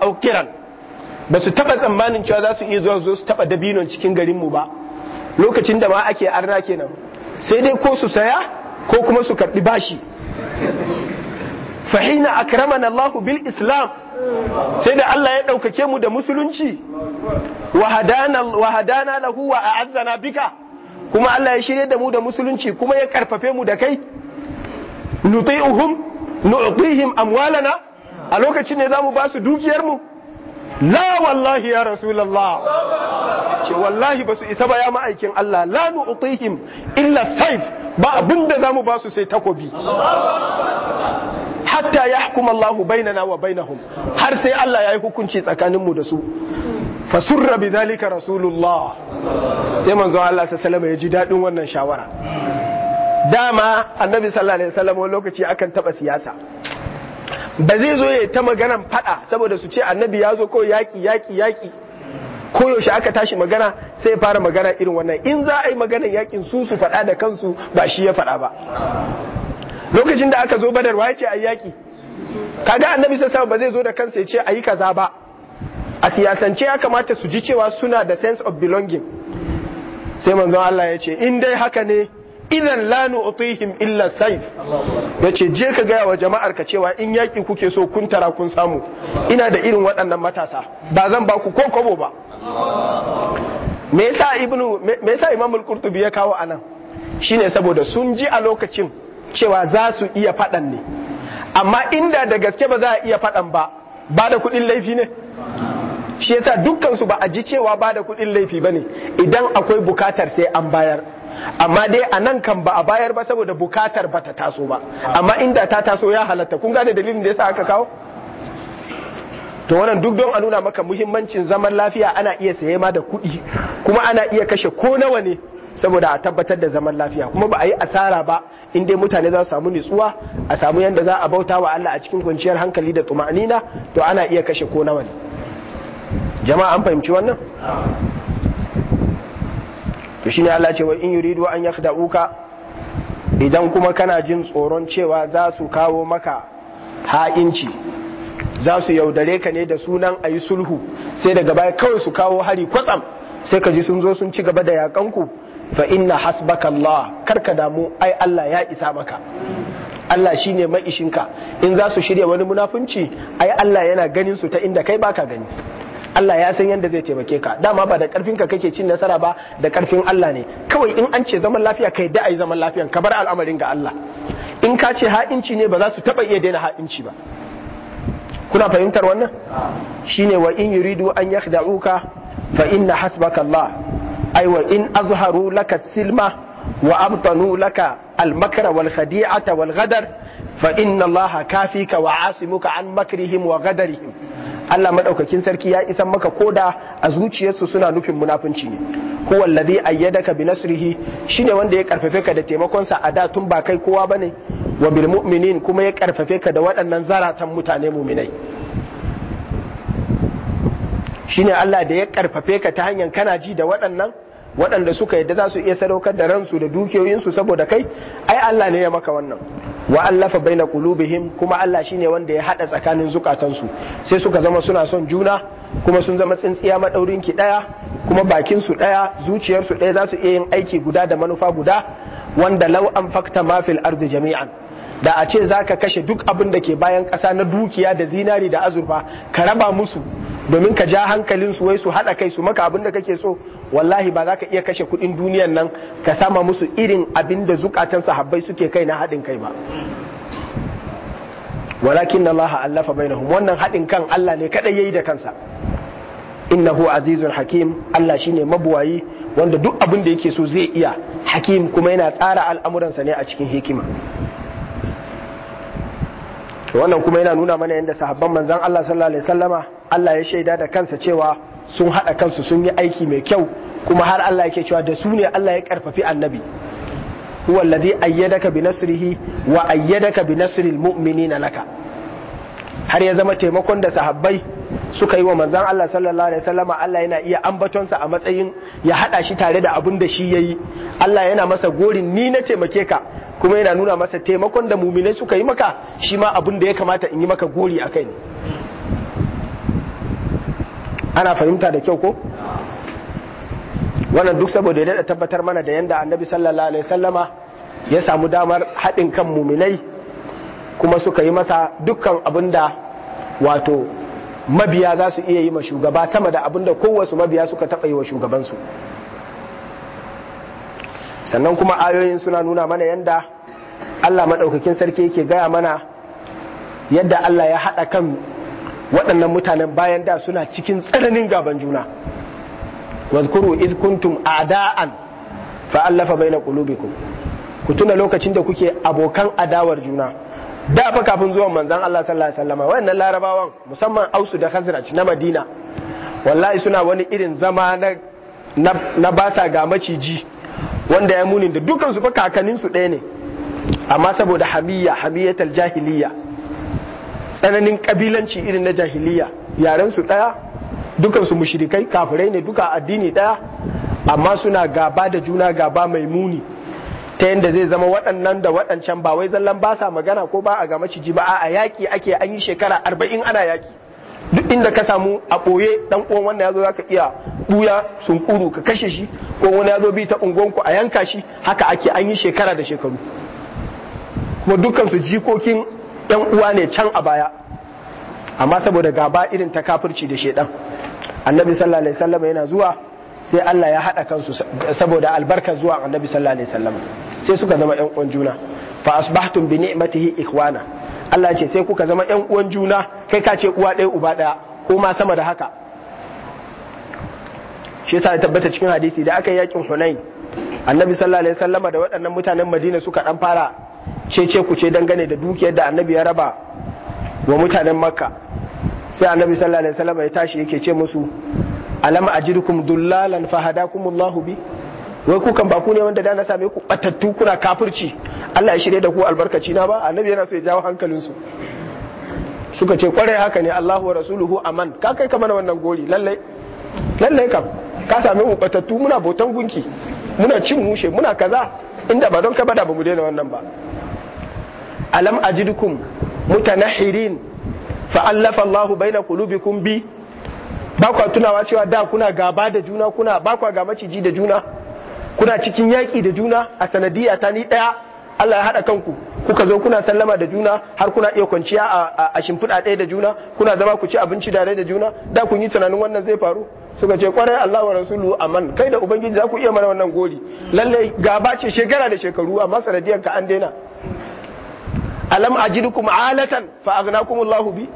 au ba su taba tsammanin cewa za su iya zuwa zo su taba dabinon cikin garin mu ba lokacin da ma ake arna kenan sai dai ko su saya ko kuma su karbi bashi fahina akramana allahu bil islam sai da Allah ya ɗaukake mu da musulunci wa hadana lahu wa a'azzana bika kuma Allah ya shirya da mu da musulunci kuma ya karfafe mu da kai nuti'uhum nu'tihim amwalana a lokacin ne zamu ba su dukiyar mu la wallahi ya rasulullah ce wallahi basu isa ba ya ma'aikin Allah la nu'tihim illa saif ba abinda zamu ba su sai takobi hatta yahkum Allahu bainana wa bainahum har sai Allah yayi hukunci tsakanin mu da su fasurra bidhalika rasulullah sai manzo Allah sallallahu alaihi wasallam ya ji dadin wannan shawara dama annabi sallallahu alaihi wasallam lokaci akan taba siyasa ba zai zo ya ta maganan fada saboda su ce annabi ya zo ko yaki yaki yaki yaushe aka tashi magana sai ya fara magana irin wannan in za a yi maganan yakin su su fada da kansu ba shi ya fada ba lokacin da aka zo badar waye ce a yaki kaga annabi sallallahu ba zai zo da kansa ya ce ayi kaza ba a siyasance ya kamata su ji cewa suna da sense of belonging sai manzon Allah ya ce in dai haka ne idan la nu'tihim illa sayf yace je ka gaya wa jama'ar ka cewa in yaki kuke so kun tara kun samu ina da irin waɗannan matasa ba zan ba ku ko kobo ba me yasa ibnu me yasa imam qurtubi ya kawo anan shine saboda sun ji a lokacin cewa za su iya faɗan ne amma inda da gaske ba za a iya faɗan ba ba da kuɗin laifi ne shi yasa dukkan su ba a ji cewa ba da kuɗin laifi ba ne? idan akwai bukatar sai an bayar amma dai a nan kan ba a bayar ba saboda bukatar ba ta taso ba amma inda ta taso ya halatta kun gane dalilin da ya sa aka kawo to wannan duk don a nuna maka muhimmancin zaman lafiya ana iya saye ma da kuɗi kuma ana iya kashe ko nawa ne saboda a tabbatar da zaman lafiya kuma ba a yi asara ba in dai mutane za su samu nutsuwa a samu yadda za a bauta wa Allah a cikin kwanciyar hankali da tuma'anina to ana iya kashe ko nawa ne jama'a an fahimci wannan to shine Allah ce wa in yuridu an yakhda'uka idan kuma kana jin tsoron cewa za su kawo maka ha'inci za su yaudare ka ne da sunan ayi sulhu sai daga baya kawai su kawo hari kwatsam sai ka ji sun zo sun ci gaba da ku fa inna hasbaka kar ka damu ai Allah ya isa maka Allah shine maishinka in za su shirya wani munafunci ai Allah yana ganin su ta inda kai baka gani Allah ya san yadda zai taimake ka dama ba da karfin ka kake cin nasara ba da karfin Allah ne kawai in an ce zaman lafiya kai da ai zaman lafiyan ka bar al'amarin ga Allah in ka ce ha'inci ne ba za su taba iya daina ha'inci ba kuna fahimtar wannan shine wa in yuridu an yakhda'uka fa inna hasbaka Allah ay wa in azharu laka silma wa abtanu laka al-makra wal khadi'ata wal ghadar fa inna Allah kafika wa asimuka an makrihim wa ghadarihim Allah madaukakin sarki ya isan maka koda a zuciyarsu suna nufin munafunci ne huwa alladhi ayyadaka bi nasrihi shine wanda ya karfafe ka da taimakon sa a da tun ba kai kowa bane wa bil mu'minin kuma ya karfafe ka da waɗannan zaratan mutane mu'minai shine Allah da ya karfafe ka ta hanyar kana ji da waɗannan waɗanda suka yadda za su iya sadaukar da ransu da dukiyoyinsu saboda kai ai Allah ne ya maka wannan wa allafa baina qulubihim kuma Allah shine wanda ya hada tsakanin zukatansu sai suka zama suna son juna kuma sun zama tsintsiya madaurin ki daya kuma bakin su daya zuciyar su daya zasu iya yin aiki guda da manufa guda wanda law an fakta ma fil ardi jami'an da a ce zaka kashe duk abin da ke bayan ƙasa na dukiya da zinari da azurfa ka raba musu domin ka ja hankalin su wai su haɗa kai su maka abin da kake so wallahi ba za ka iya kashe kuɗin duniyan nan ka sama musu irin abin da zukatan sahabbai suke kai na haɗin kai ba walakin Allah allafa bainahum wannan haɗin kan Allah ne kadai yayi da kansa innahu azizun hakim Allah shine mabuwayi wanda duk abin da yake so zai iya hakim kuma yana tsara al'amuransa ne a cikin hikima wannan kuma yana nuna mana yadda sahabban manzan Allah sallallahu alaihi wasallama Allah ya shaida da kansa cewa sun haɗa kansu sun yi aiki mai kyau kuma har Allah yake cewa da su ne Allah ya karfafi annabi huwa ayyadaka bi nasrihi wa ayyadaka bi nasril mu'minina laka har ya zama taimakon da sahabbai suka yi wa manzan Allah sallallahu alaihi wasallama Allah yana iya ambatonsa a matsayin ya haɗa shi tare da abin da shi ya yi Allah yana masa gorin ni na taimake ka kuma yana nuna masa taimakon da muminai suka yi maka shi ma abin da ya kamata in yi maka gori a kai ana fahimta da kyau ko wannan duk saboda ya daɗa tabbatar mana da yadda annabi sallallahu alaihi wasallama ya samu damar haɗin kan muminai kuma suka yi masa dukkan abin da wato mabiya za su iya yi ma shugaba sama da abinda kowasu mabiya suka taɓa yi wa shugabansu sannan kuma ayoyin suna nuna mana yadda Allah maɗaukakin sarki yake gaya mana yadda Allah ya haɗa kan waɗannan mutanen bayan da suna cikin tsananin gaban juna wadkuru id kuntum a'da'an fa'allafa bai baina qulubikum ku tuna lokacin da kuke abokan adawar juna da fa kafin zuwan manzon Allah sallallahu alaihi wasallam wayannan larabawan musamman ausu da khazraj na madina wallahi suna wani irin zama na na basa ga maciji wanda ya munin da dukan su fa kakannin su ɗaya ne amma saboda hamiyya habiyatul jahiliya tsananin kabilanci irin na jahiliya yaren su ɗaya dukan su mushrikai kafirai ne duka addini ɗaya amma suna gaba da juna gaba mai muni ta yadda zai zama waɗannan da waɗancan ba wai zallan ba sa magana ko ba a ga maciji ba a yaƙi ake an yi shekara arba'in ana yaƙi duk inda ka samu a ɓoye ɗan uwan wanda ya zo za ka iya ɓuya sunkuru ka kashe shi ko wani ya zo bi ta unguwanku a yanka shi haka ake an yi shekara da shekaru kuma dukkan su jikokin ɗan uwa ne can a baya amma saboda gaba irin ta kafirci da shaidan, annabi sallallahu alaihi wasallam yana zuwa sai Allah ya haɗa kansu saboda albarka zuwa annabi sallallahu alaihi wasallam sai suka zama ƴan uwan juna fa asbahtum bi ni'matihi ikhwana Allah ce sai kuka zama ƴan uwan juna kai ka ce uwa ɗaya uba ɗaya ko ma sama da haka shi yasa ya tabbata cikin hadisi da aka yi yakin Hunain annabi sallallahu alaihi wasallam da waɗannan mutanen Madina suka dan fara cece ku ce dangane da dukiyar da annabi ya raba wa mutanen Makka sai annabi sallallahu alaihi wasallam ya tashi yake ce musu Alam ajidukum dullalan fahadakumullahu bi wai ku kan ba ku ne wanda da na same ku batattu kuna kafirci Allah ya shirye da ku albarkaci na ba annabi yana so ya jawo hankalin su suka ce kwarai haka ne Allahu wa rasuluhu aman ka kai ka mana wannan gori lalle lalle kam ka same mu batattu muna botan gunki muna cin mushe muna kaza inda ba don ka bada ba mu daina wannan ba alam ajidukum mutanahirin fa allafa Allahu baina qulubikum bi ba kwa tunawa cewa da kuna gaba da juna kuna ba kwa ga maciji da juna kuna cikin yaƙi da juna a sanadiyya ta ni ɗaya Allah ya haɗa kanku kuka zo kuna sallama da juna har kuna iya kwanciya a shimfiɗa ɗaya da juna kuna zama ku ci abinci dare da juna da kun yi tunanin wannan zai faru suka ce kwarai Allah wa rasulu aman kai da ubangiji za ku iya mana wannan gori lalle gaba ce shekara da shekaru amma sanadiyar ka an daina alam ajidukum alatan fa Allahu bi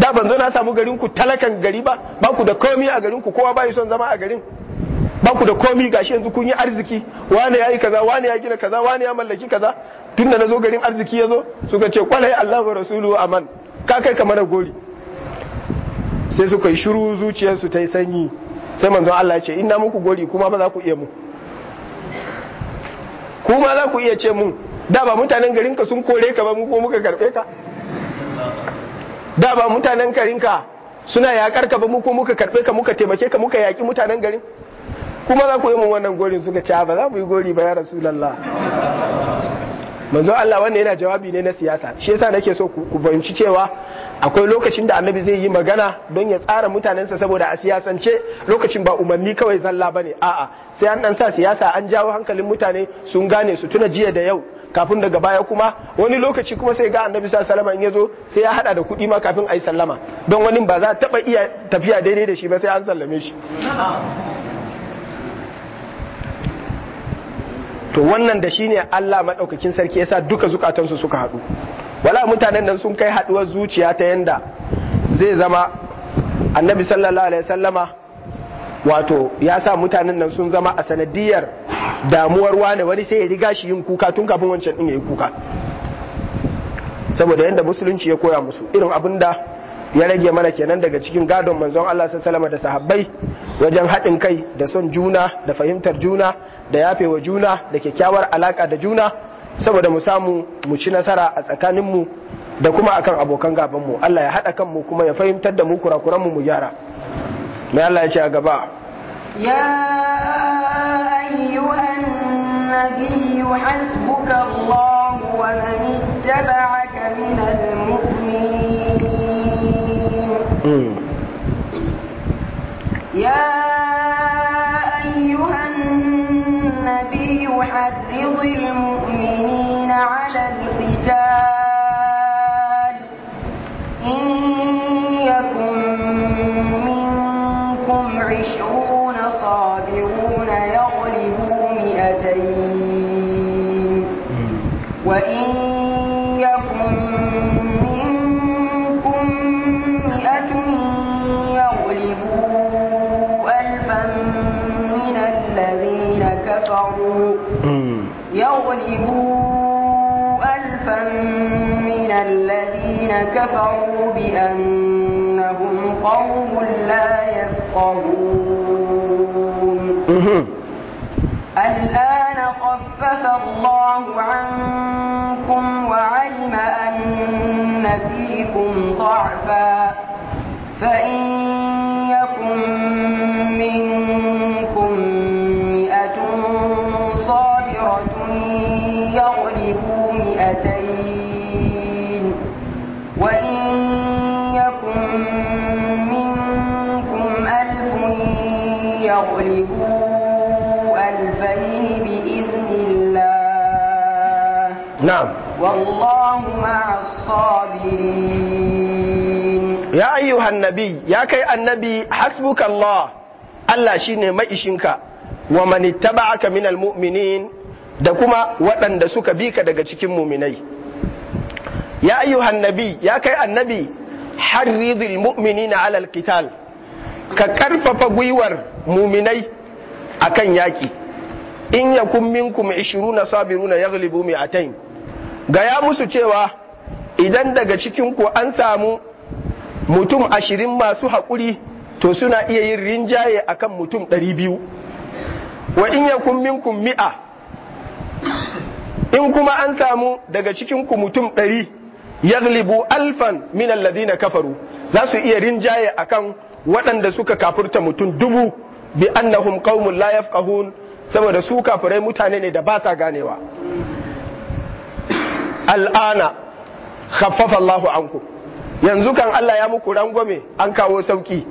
da ban zo na samu garin ku talakan gari ba ba ku da komi a garin ku kowa bai son zama a garin ba ku da komi gashi yanzu kun yi arziki wani yayi kaza wani ya gina kaza wani ya mallaki kaza tunda na zo garin arziki ya zo suka ce kwalai Allah wa rasuluhu aman ka kai kamar gori sai suka yi shiru zuciyarsu ta yi sanyi sai manzon Allah ya ce ina muku gori kuma ba za ku iya mu kuma za ku iya ce mun da ba mutanen garinka sun kore ka ba mu ko muka karbe ka da ba mutanen garinka suna yakar ka ba mu ko muka karbe ka muka taimake ka muka yaki mutanen garin kuma za ku yi mun wannan gorin suka ce ba za mu yi gori ba ya rasulullah manzo Allah wannan yana jawabi ne na siyasa shi yasa nake so ku fahimci cewa akwai lokacin da annabi zai yi magana don ya tsara mutanensa saboda a siyasance lokacin ba umarni kawai zalla ba ne a'a sai an ɗan sa siyasa an jawo hankalin mutane sun gane su tuna jiya da yau kafin daga baya kuma wani lokaci kuma sai ga annabi sallama in ya zo sai ya hada da kuɗi ma kafin a yi sallama don wani ba za a taɓa iya tafiya daidai da shi ba sai an sallame shi to wannan da shine Allah maɗaukakin sarki yasa duka zukatansu suka haɗu wala mutanen nan sun kai haduwar zuciya ta yanda zai zama annabi sallallahu alaihi sallama wato ya sa mutanen nan sun zama a sanadiyar damuwar wane wani sai ya riga shi yin kuka tun kafin wancan din ya yi kuka saboda yadda musulunci ya koya musu irin abin da ya rage mana kenan daga cikin gadon manzon Allah sallama da sahabbai wajen haɗin kai da son juna da fahimtar juna da yafewa juna da kyakkyawar alaka da juna saboda mu samu mu ci nasara a tsakaninmu da kuma akan abokan gabanmu Allah ya haɗa kanmu kuma ya fahimtar da mu kurakuran mu gyara mai Allah ya ce a gaba ya ayyuhan nabi hasbuka Allah wa man ittaba'aka minal mu'minin hmm. ya ayyuhan nabiyyu harridil على القتال إن يكن منكم عشرون صابرون يغلبوا مئتين كفروا بأنهم قوم لا يفقهون الآن خفف الله عنكم وعلم أن فيكم ضعفا فإن يكن منكم مئة صابرة يغلبوا مئتين فغلبوا ألفين بإذن الله نعم والله مع الصابرين يا أيها النبي يا كي النبي حسبك الله ألا شيني ما إشنك ومن اتبعك من المؤمنين da kuma waɗanda suka bi ka daga cikin muminai ya ayyuhan nabi ya kai annabi harridil mu'minina alal qital ka karfafa gwiwar muminai a kan yaƙi. in ya na minkum 20 sabiruna yaghlibu mi'atayn gaya musu cewa idan daga cikinku an samu mutum ashirin masu haƙuri to suna iya yin rinjaye kan mutum ɗari biyu wa in ya min minkum mi'a in kuma an samu daga cikinku mutum ɗari yaglibu alfan min alladhina kafaru za su iya rinjaye a akan waɗanda suka kafurta mutum dubu bi annahum qaumun la yafqahun saboda su kafirai mutane ne da ba sa ganewa al'ana khaffafa Allahu anku yanzu kan Allah ya muku rangwame an kawo sauki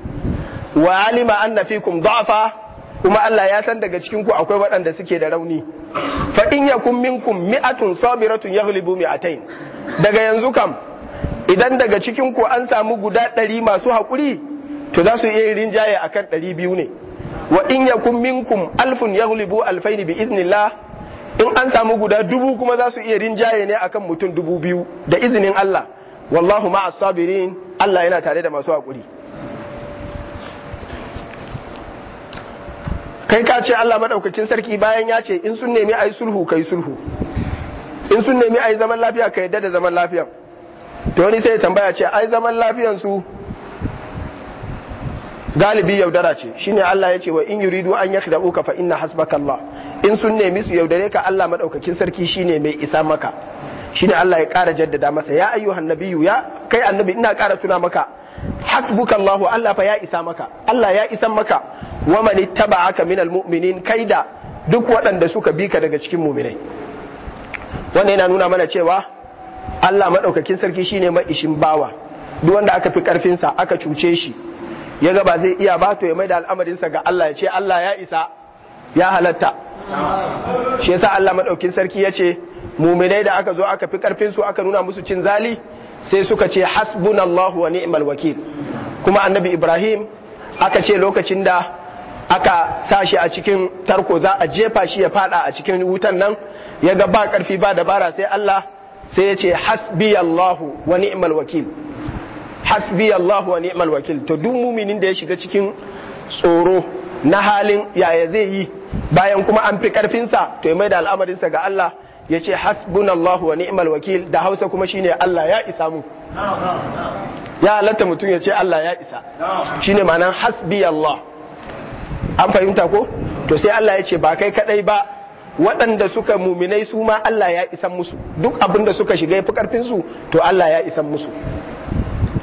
wa alima anna fikum da'fa kuma Allah ya san daga cikin ku akwai waɗanda suke da rauni fa in yakum minkum mi'atun sabiratun yaghlibu mi'atayn daga yanzu kam idan daga cikin ku an samu guda ɗari masu haƙuri to za su iya rinjaye akan ɗari biyu ne wa in yakun minkum alfun hulibu alfaini bi iznillah in an samu guda dubu kuma za su iya rinjaye ne akan mutum dubu biyu da izinin Allah wallahu ma'a sabirin Allah yana tare da masu haƙuri. kai ka ce Allah maɗaukacin sarki bayan ya ce in sun nemi ayi sulhu kai sulhu in sun nemi ayi zaman lafiya ka yadda da zaman lafiya to wani sai ya tambaya ce ai zaman lafiyan su galibi yaudara ce shine Allah ya ce wa in yuridu an uka fa inna hasbaka Allah in sun nemi su yaudare ka Allah madaukakin sarki shine mai isa maka shine Allah ya ƙara jaddada masa ya ayyuhan nabiyyu ya kai annabi ina ƙara tuna maka hasbuka Allah Allah fa ya isa maka Allah ya isa maka wa man ittaba'aka minal mu'minin da duk waɗanda suka bi ka daga cikin mu'minai wannan yana nuna mana cewa Allah maɗaukakin sarki shine mai ishin bawa duk wanda aka fi karfin sa aka cuce shi ya ba zai iya ba to ya mai da al'amarinsa ga Allah ya ce Allah ya isa ya halatta shi yasa Allah madaukin sarki ya ce muminai da aka zo aka fi karfin su aka nuna musu cin zali sai suka ce hasbunallahu wa ni'mal wakil kuma annabi Ibrahim aka ce lokacin da aka sa shi a cikin tarko za a jefa shi ya fada a cikin wutan nan ya ga ba karfi ba dabara sai Allah sai ya ce hasbiyallahu wa ni'mal wakil hasbi Allah wa ni'mal wakil to duk muminin da ya shiga cikin tsoro na halin yaya zai yi bayan kuma an fi karfinsa to ya mai da sa ga Allah ya ce hasbunallahu wa ni'mal wakil da hausa kuma shine Allah ya isa mu ya halatta mutum ya ce Allah ya isa shine ma'anar hasbi Allah an fahimta ko to sai Allah ya ce ba kai kadai ba waɗanda suka muminai su ma Allah ya isa musu duk abin da suka shiga ya fi karfin su to Allah ya isa musu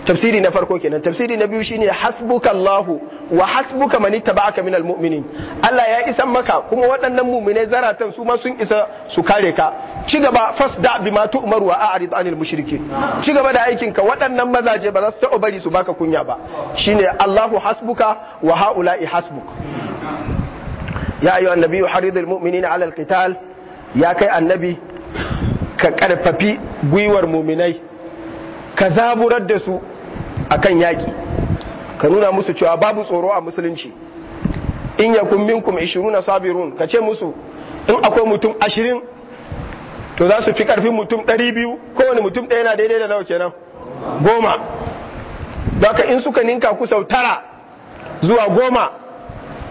tafsiri na farko kenan tafsiri na biyu shine hasbuka Allahu wa hasbuka man ittaba'aka minal mu'minin Allah ya isan maka kuma waɗannan mu'minai zaratan su ma sun isa su kare ka ci gaba fasda bima tu'mar wa a'rid anil mushrikin ci gaba da aikin ka waɗannan mazaje ba za su taɓa bari su baka kunya ba shine Allahu hasbuka wa haula'i hasbuk ya ayyuha annabiyyu haridul mu'minina 'ala al-qital ya kai annabi ka karfafi gwiwar mu'minai ka zaburar da su akan yaƙi ka nuna musu cewa babu tsoro a musulunci in ya kuma ishiru na sabirun ka ce musu in akwai mutum ashirin to za su fi karfin mutum ɗari biyu kowane mutum ɗaya na daidai da nawa kenan goma ka in suka ninka ku sau tara zuwa goma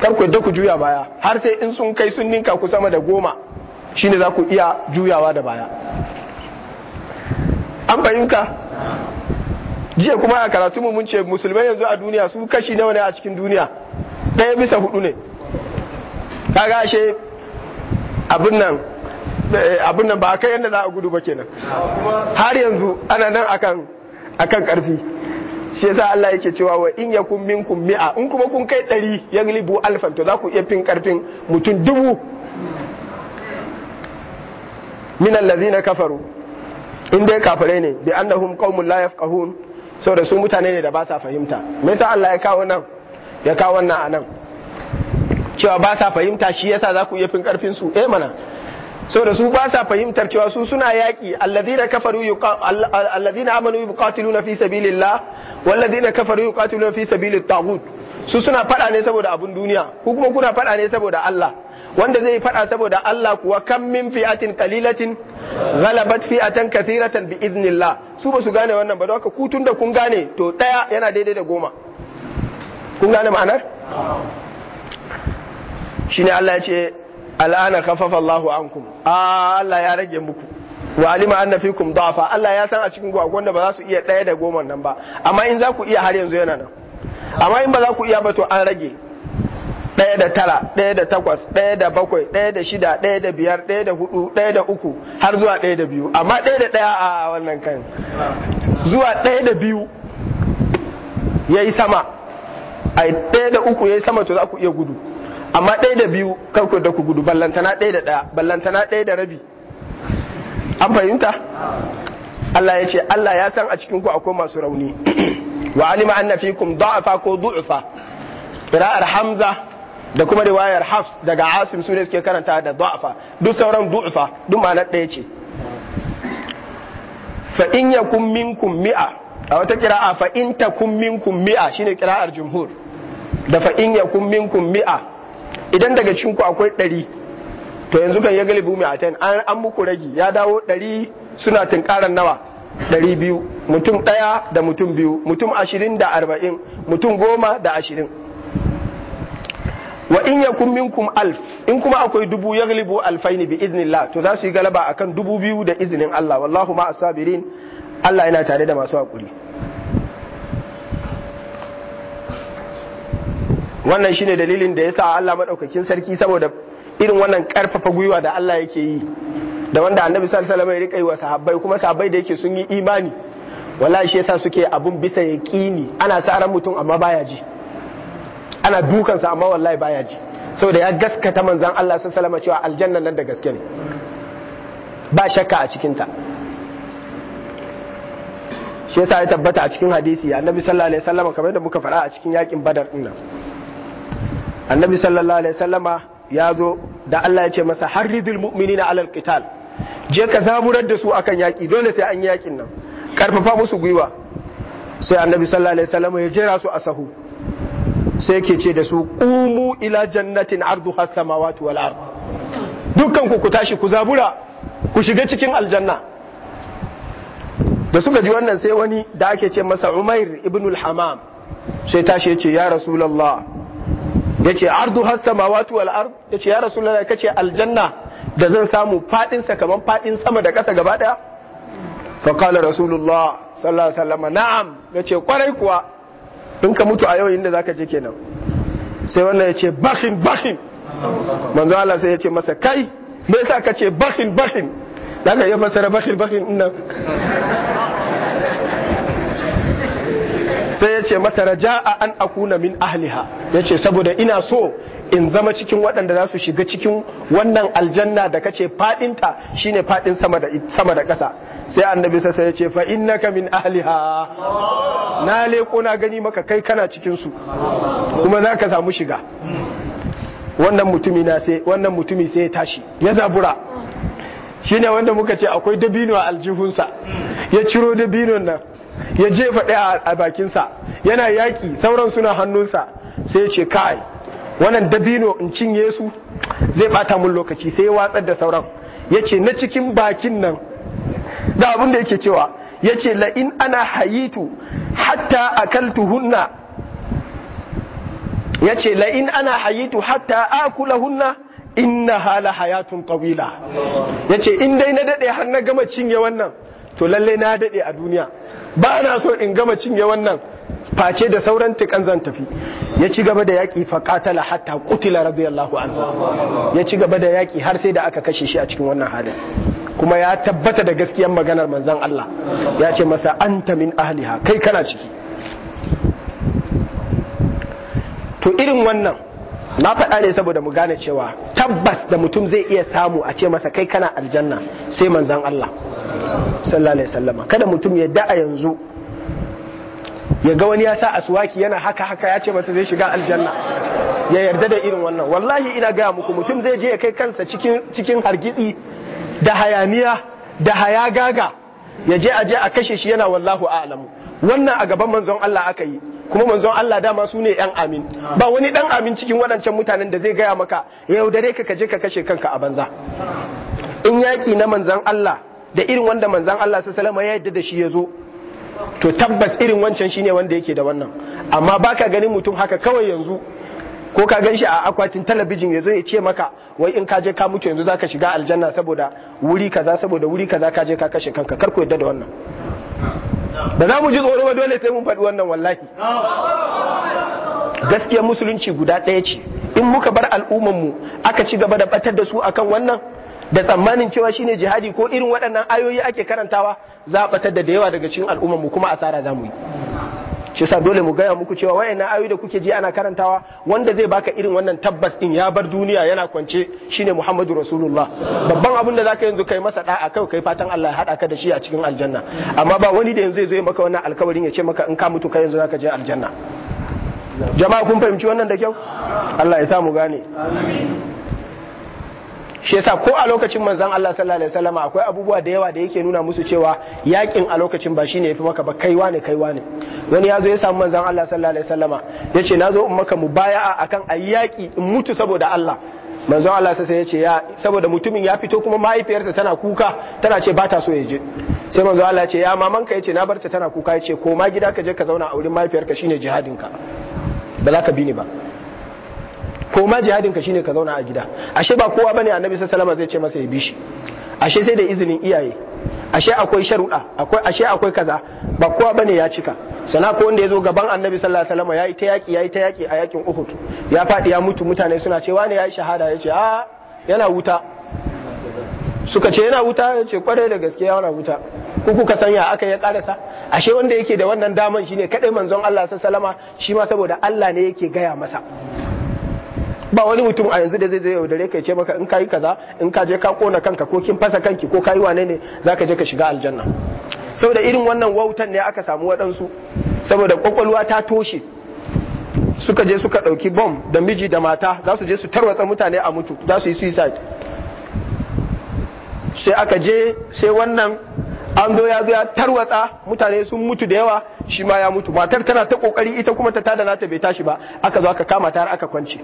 kar ku yadda ku juya baya har sai in sun kai sun ninka ku sama da goma shine za ku iya juyawa da baya an fahimta jiya kuma a karatu mu mun ce musulmai yanzu a duniya su kashi nawa ne a cikin duniya ɗaya bisa hudu ne kaga ashe abin nan eh, abin nan ba kai yadda za a gudu ba kenan har yanzu ana nan akan akan karfi shi yasa Allah yake cewa wa in yakum minkum mi'a in kuma kun kai ɗari yaglibu alfan to za ku iya fin karfin mutum dubu min allazina kafaru in dai kafare ne bi annahum qaumun la yafqahun saboda su mutane ne da ba sa fahimta me yasa Allah ya kawo nan ya kawo wannan a nan cewa ba sa fahimta shi yasa za ku iya fin karfin su eh mana saboda su ba sa fahimtar cewa su suna yaki alladina kafaru alladina amanu yuqatiluna fi sabilillah walladina kafaru yuqatiluna fi sabilit taghut su suna fada ne saboda abun duniya ku kuma kuna fada ne saboda Allah wanda zai faɗa saboda Allah kuwa kam min fi'atin qalilatin ghalabat fi'atan kathiratan bi idnillah su ba su gane wannan ba don haka kutun da kun gane to daya yana daidai da goma kun gane ma'anar shine Allah ya ce al'ana khaffafa Allahu ankum Allah ya rage muku wa alima anna fikum da'fa Allah ya san a cikin ku wanda ba za su iya daya da goma nan ba amma in za ku iya har yanzu yana nan amma in ba za ku iya ba to an rage ɗaya da tara ɗaya da takwas ɗaya da bakwai ɗaya da shida ɗaya da biyar ɗaya da hudu ɗaya da uku har zuwa ɗaya da biyu amma ɗaya da ɗaya a wannan kan zuwa ɗaya da biyu ya yi sama a ɗaya da uku ya yi sama to za ku iya gudu amma ɗaya da biyu kar ku da ku gudu ballantana ɗaya da ɗaya ballantana ɗaya da rabi an fahimta Allah ya ce Allah ya san a cikin ku akwai masu rauni wa alima annafikum da'afa ko du'afa Ira'ar hamza da kuma riwayar hafs daga asim su ne suke karanta da du'afa duk sauran du'afa duk ma'anar ɗaya ce fa in yakun minkum mi'a a wata kira'a fa in takun minkum mi'a shine kira'ar jumhur da fa in yakun minkum mi'a idan daga cikin ku akwai ɗari to yanzu kan ya galibu mi'atain an an muku ragi ya dawo ɗari suna tunkaran nawa ɗari biyu mutum ɗaya da mutum biyu mutum ashirin da arba'in mutum goma da ashirin wa in yakun minkum alf in kuma akwai dubu yaglibu alfaini bi idnillah to za su yi galaba akan dubu biyu da izinin Allah wallahu ma asabirin Allah yana tare da masu hakuri wannan shine dalilin da yasa Allah madaukakin sarki saboda irin wannan karfafa gwiwa da Allah yake yi da wanda Annabi sallallahu alaihi wasallam ya rika wa sahabbai kuma sahabbai da yake sun yi imani wallahi shi yasa suke abun bisa yaqini ana sa ran mutum amma baya ji ana dukansa amma wallahi baya ji saboda ya gaskata manzan Allah sallallahu alaihi wasallam cewa aljanna nan da gaske ne ba shakka a cikinta shi yasa ya tabbata a cikin hadisi annabi sallallahu alaihi wasallam kamar da muka fara a cikin yakin badar din nan annabi sallallahu alaihi wasallama ya zo da Allah ya ce masa harridil mu'minina alal qital je ka zaburar da su akan yaki dole sai an yi yakin nan karfafa musu gwiwa sai annabi sallallahu alaihi wasallama ya jera su a sahu sai ke ce da su ƙumu ila jannatin ardu samawati wal ard dukkan ku ku tashi ku zabura ku shiga cikin aljanna da suka ji wannan sai wani da ake ce masa Umair ibn al-Hamam sai tashi ya ce ya Rasulullah ya ce ardu samawati wal ard ya ce ya Rasulullah kace aljanna da zan samu fadin sa kaman fadin sama da ƙasa gaba daya fa qala Rasulullah sallallahu alaihi wasallam na'am ya ce kwarai kuwa in ka mutu a yau inda zaka je kenan sai wannan ya ce bakin bakin manzo Allah sai ya ce masa kai me yasa ka ce bakin bakin ka iya fasara bakin bakin nan sai ya ce masa a an akuna min ahliha ya ce saboda ina so in zama cikin waɗanda za su shiga cikin wannan aljanna da kace fadinta shine fadin sama da ƙasa sai annabi sai ya ce fa innaka min Aliha? na leko na gani maka kai kana cikinsu? Kuma za ka samu shiga wannan mutumi sai ya tashi ya zabura Shi ne wanda muka ce akwai dabino a aljihunsa ya ciro dabinon nan ya jefa ɗaya a bakinsa yana yaƙi sauran suna hannunsa sai ya ce kai wannan dabino in cinye su zai bata mun lokaci sai ya watsar da sauran ya na cikin bakin nan da abin da yake cewa ya ce la'in ana hayitu hatta hunna ya ce la'in ana hayitu hatta hunna inna hala hayatun tawila ya in dai na daɗe har na gama cinye wannan to lalle na daɗe a duniya ba na so in gama cinye wannan face da sauran tukan zan tafi ya ci gaba da yaƙi faƙatala hatta kutila radiyallahu anhu ya ci gaba da yaƙi har sai da aka kashe shi a cikin wannan halin kuma ya tabbata da gaskiyar maganar manzan Allah ya ce masa anta min ahliha kai kana ciki to irin wannan na faɗa ne saboda mu gane cewa tabbas da mutum zai iya samu a ce masa kai kana aljanna sai manzan Allah sallallahu alaihi wasallama kada mutum ya da'a yanzu ya ga wani ya sa aswaki yana haka haka ya ce masu zai shiga aljanna ya yarda da irin wannan wallahi ina gaya muku mutum zai je ya kai kansa cikin hargitsi da hayaniya da hayagaga ya je aje a kashe shi yana wallahu a'lamu wannan a gaban manzon Allah aka yi kuma manzon Allah dama su ne yan amin ba wani ɗan amin cikin waɗancan mutanen da zai gaya maka yau yaudare ka kaje ka kashe kanka a banza in yaƙi na manzon Allah da irin wanda manzon Allah sallallahu ya yarda da shi ya zo to tabbas irin wancan shine wanda yake da wannan amma baka ganin mutum haka kawai yanzu ko ka gan shi a akwatin talabijin ya zai ce maka wai in ka je ka mutu yanzu zaka shiga aljanna saboda wuri kaza saboda wuri kaza ka je ka kashe kanka kar ku yadda da wannan da za mu ji tsoro ba dole sai mun faɗi wannan wallahi Gaskiya musulunci guda ɗaya ce in muka bar al'umman mu aka ci gaba da batar da su akan wannan da tsammanin cewa shine jihadi ko irin waɗannan ayoyi ake karantawa za a batar da da yawa daga cikin al'ummar mu kuma asara za mu yi shi dole mu gaya muku cewa wayannan ayoyi da kuke ji ana karantawa wanda zai baka irin wannan tabbas din ya bar duniya yana kwance shine Muhammadu Rasulullah babban abin da zaka yanzu kai masa da'a kai kai fatan Allah ya hada ka da shi a cikin aljanna amma ba wani da yanzu zai zo maka wannan alkawarin ya ce maka in ka mutu kai yanzu zaka je aljanna jama'a kun fahimci wannan da kyau Allah ya sa mu gane amin shi yasa ko a lokacin manzon Allah sallallahu alaihi wasallam akwai abubuwa da yawa da yake nuna musu cewa yakin a lokacin ba shine yafi maka ba kaiwa ne kaiwa ne wani yazo ya samu manzon Allah sallallahu alaihi wasallam yace nazo in maka mubaya'a akan ayi yaki in mutu saboda Allah manzon Allah sai ya ce ya saboda mutumin ya fito kuma mahaifiyarsa tana kuka tana ce ba ta so ya je sai manzo Allah ya ce ya ka yace na barta tana kuka yace ko ma gida ka je ka zauna a wurin mahaifiyarka shine jihadinka ba za ka bi ni ba ko ma jihadin ka shine ka zauna a gida ashe ba kowa bane annabi sallallahu alaihi zai ce masa ya bi shi ashe sai da izinin iyaye ashe akwai sharuɗa akwai ashe akwai kaza ba kowa bane ya cika sana ko wanda ya zo gaban annabi sallallahu alaihi wasallam yayi ta yaki yayi ta yaki a yakin Uhud ya faɗi ya mutu mutane suna cewa ne yayi shahada yace a ah, yana wuta suka ce yana wuta yace kwarai da gaske yana wuta ku kuka sanya aka ya karasa ashe wanda yake da wannan daman shine kadai manzon Allah sallallahu alaihi wasallam shi ma saboda Allah ne yake gaya masa ba wani mutum a yanzu da zai zai yaudare ka ce maka in ka kayi kaza in ka je ka kona kanka ko kin fasa kanki ko kayi wane ne zaka je ka shiga aljanna saboda irin wannan wautan ne aka samu waɗansu saboda kwakwalwa ta toshe suka je suka ɗauki bom da miji da mata za su je su tarwatsa mutane a mutu za su yi suicide sai aka je sai wannan an zo ya zo ya tarwatsa mutane sun mutu da yawa shi ma ya mutu matar tana ta kokari ita kuma ta tada nata bai tashi ba aka zo aka kama ta har aka kwance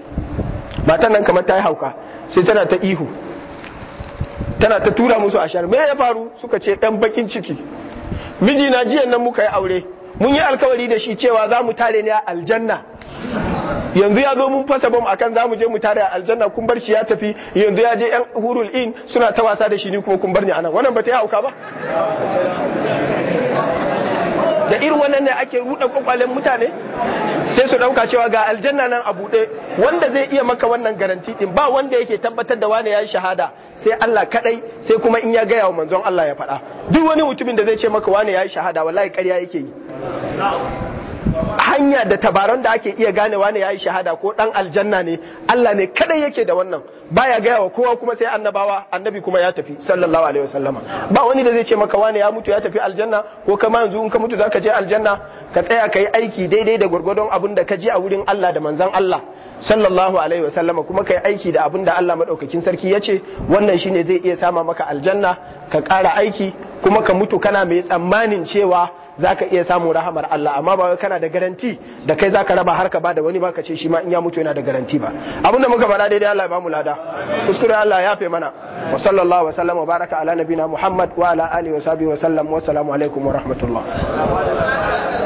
matan nan kamar ta yi hauka sai tana ta ihu tana ta tura musu a shar me ya faru suka ce dan bakin ciki miji na jiyan nan muka yi aure mun yi alkawari da shi cewa za mu tare ne a aljanna yanzu ya zo mun fasa bom akan za mu je mu tare a aljanna kun bar shi ya tafi yanzu ya je yan hurul in suna ta wasa da shi ni kuma kun bar ni anan wannan ba ta yi hauka ba da irin wannan ne ake ruɗa kwakwalen mutane sai su dauka cewa ga aljanna nan a buɗe wanda zai iya maka wannan garanti din ba wanda yake tabbatar da wani yayi shahada sai Allah kadai sai kuma in ya gaya wa manzon Allah ya faɗa duk wani mutumin da zai ce maka wani yayi shahada wallahi ƙarya yake yi hanya da tabaran da ake iya ganewa ne yi shahada ko dan aljanna ne Allah ne kadai yake da wannan baya gaya wa kowa kuma sai annabawa annabi kuma ya tafi sallallahu alaihi wasallama ba wani da zai ce maka wani ya mutu ya tafi aljanna ko kama yanzu in ka mutu zaka je aljanna ka tsaya ka aiki daidai da gurgurdon abin da ka je a wurin Allah da manzon Allah sallallahu alaihi wasallama kuma ka yi aiki da abin da Allah madaukakin sarki ya ce wannan shine zai iya sama maka aljanna ka kara aiki kuma ka mutu kana mai tsammanin cewa Za ka iya samun rahamar Allah amma ba wai kana da garanti da kai za ka raba har ka ba da wani ba ka ce shi ma in ya mutu yana da garanti ba abinda muka faɗa daidai Allah ya bamu lada kuskure Allah ya fe mana wa sallallahu wa sallam wa baraka ala nabina Muhammad wa ala alihi wa sahbihi wa sallam wa assalamu alaikum wa rahmatullah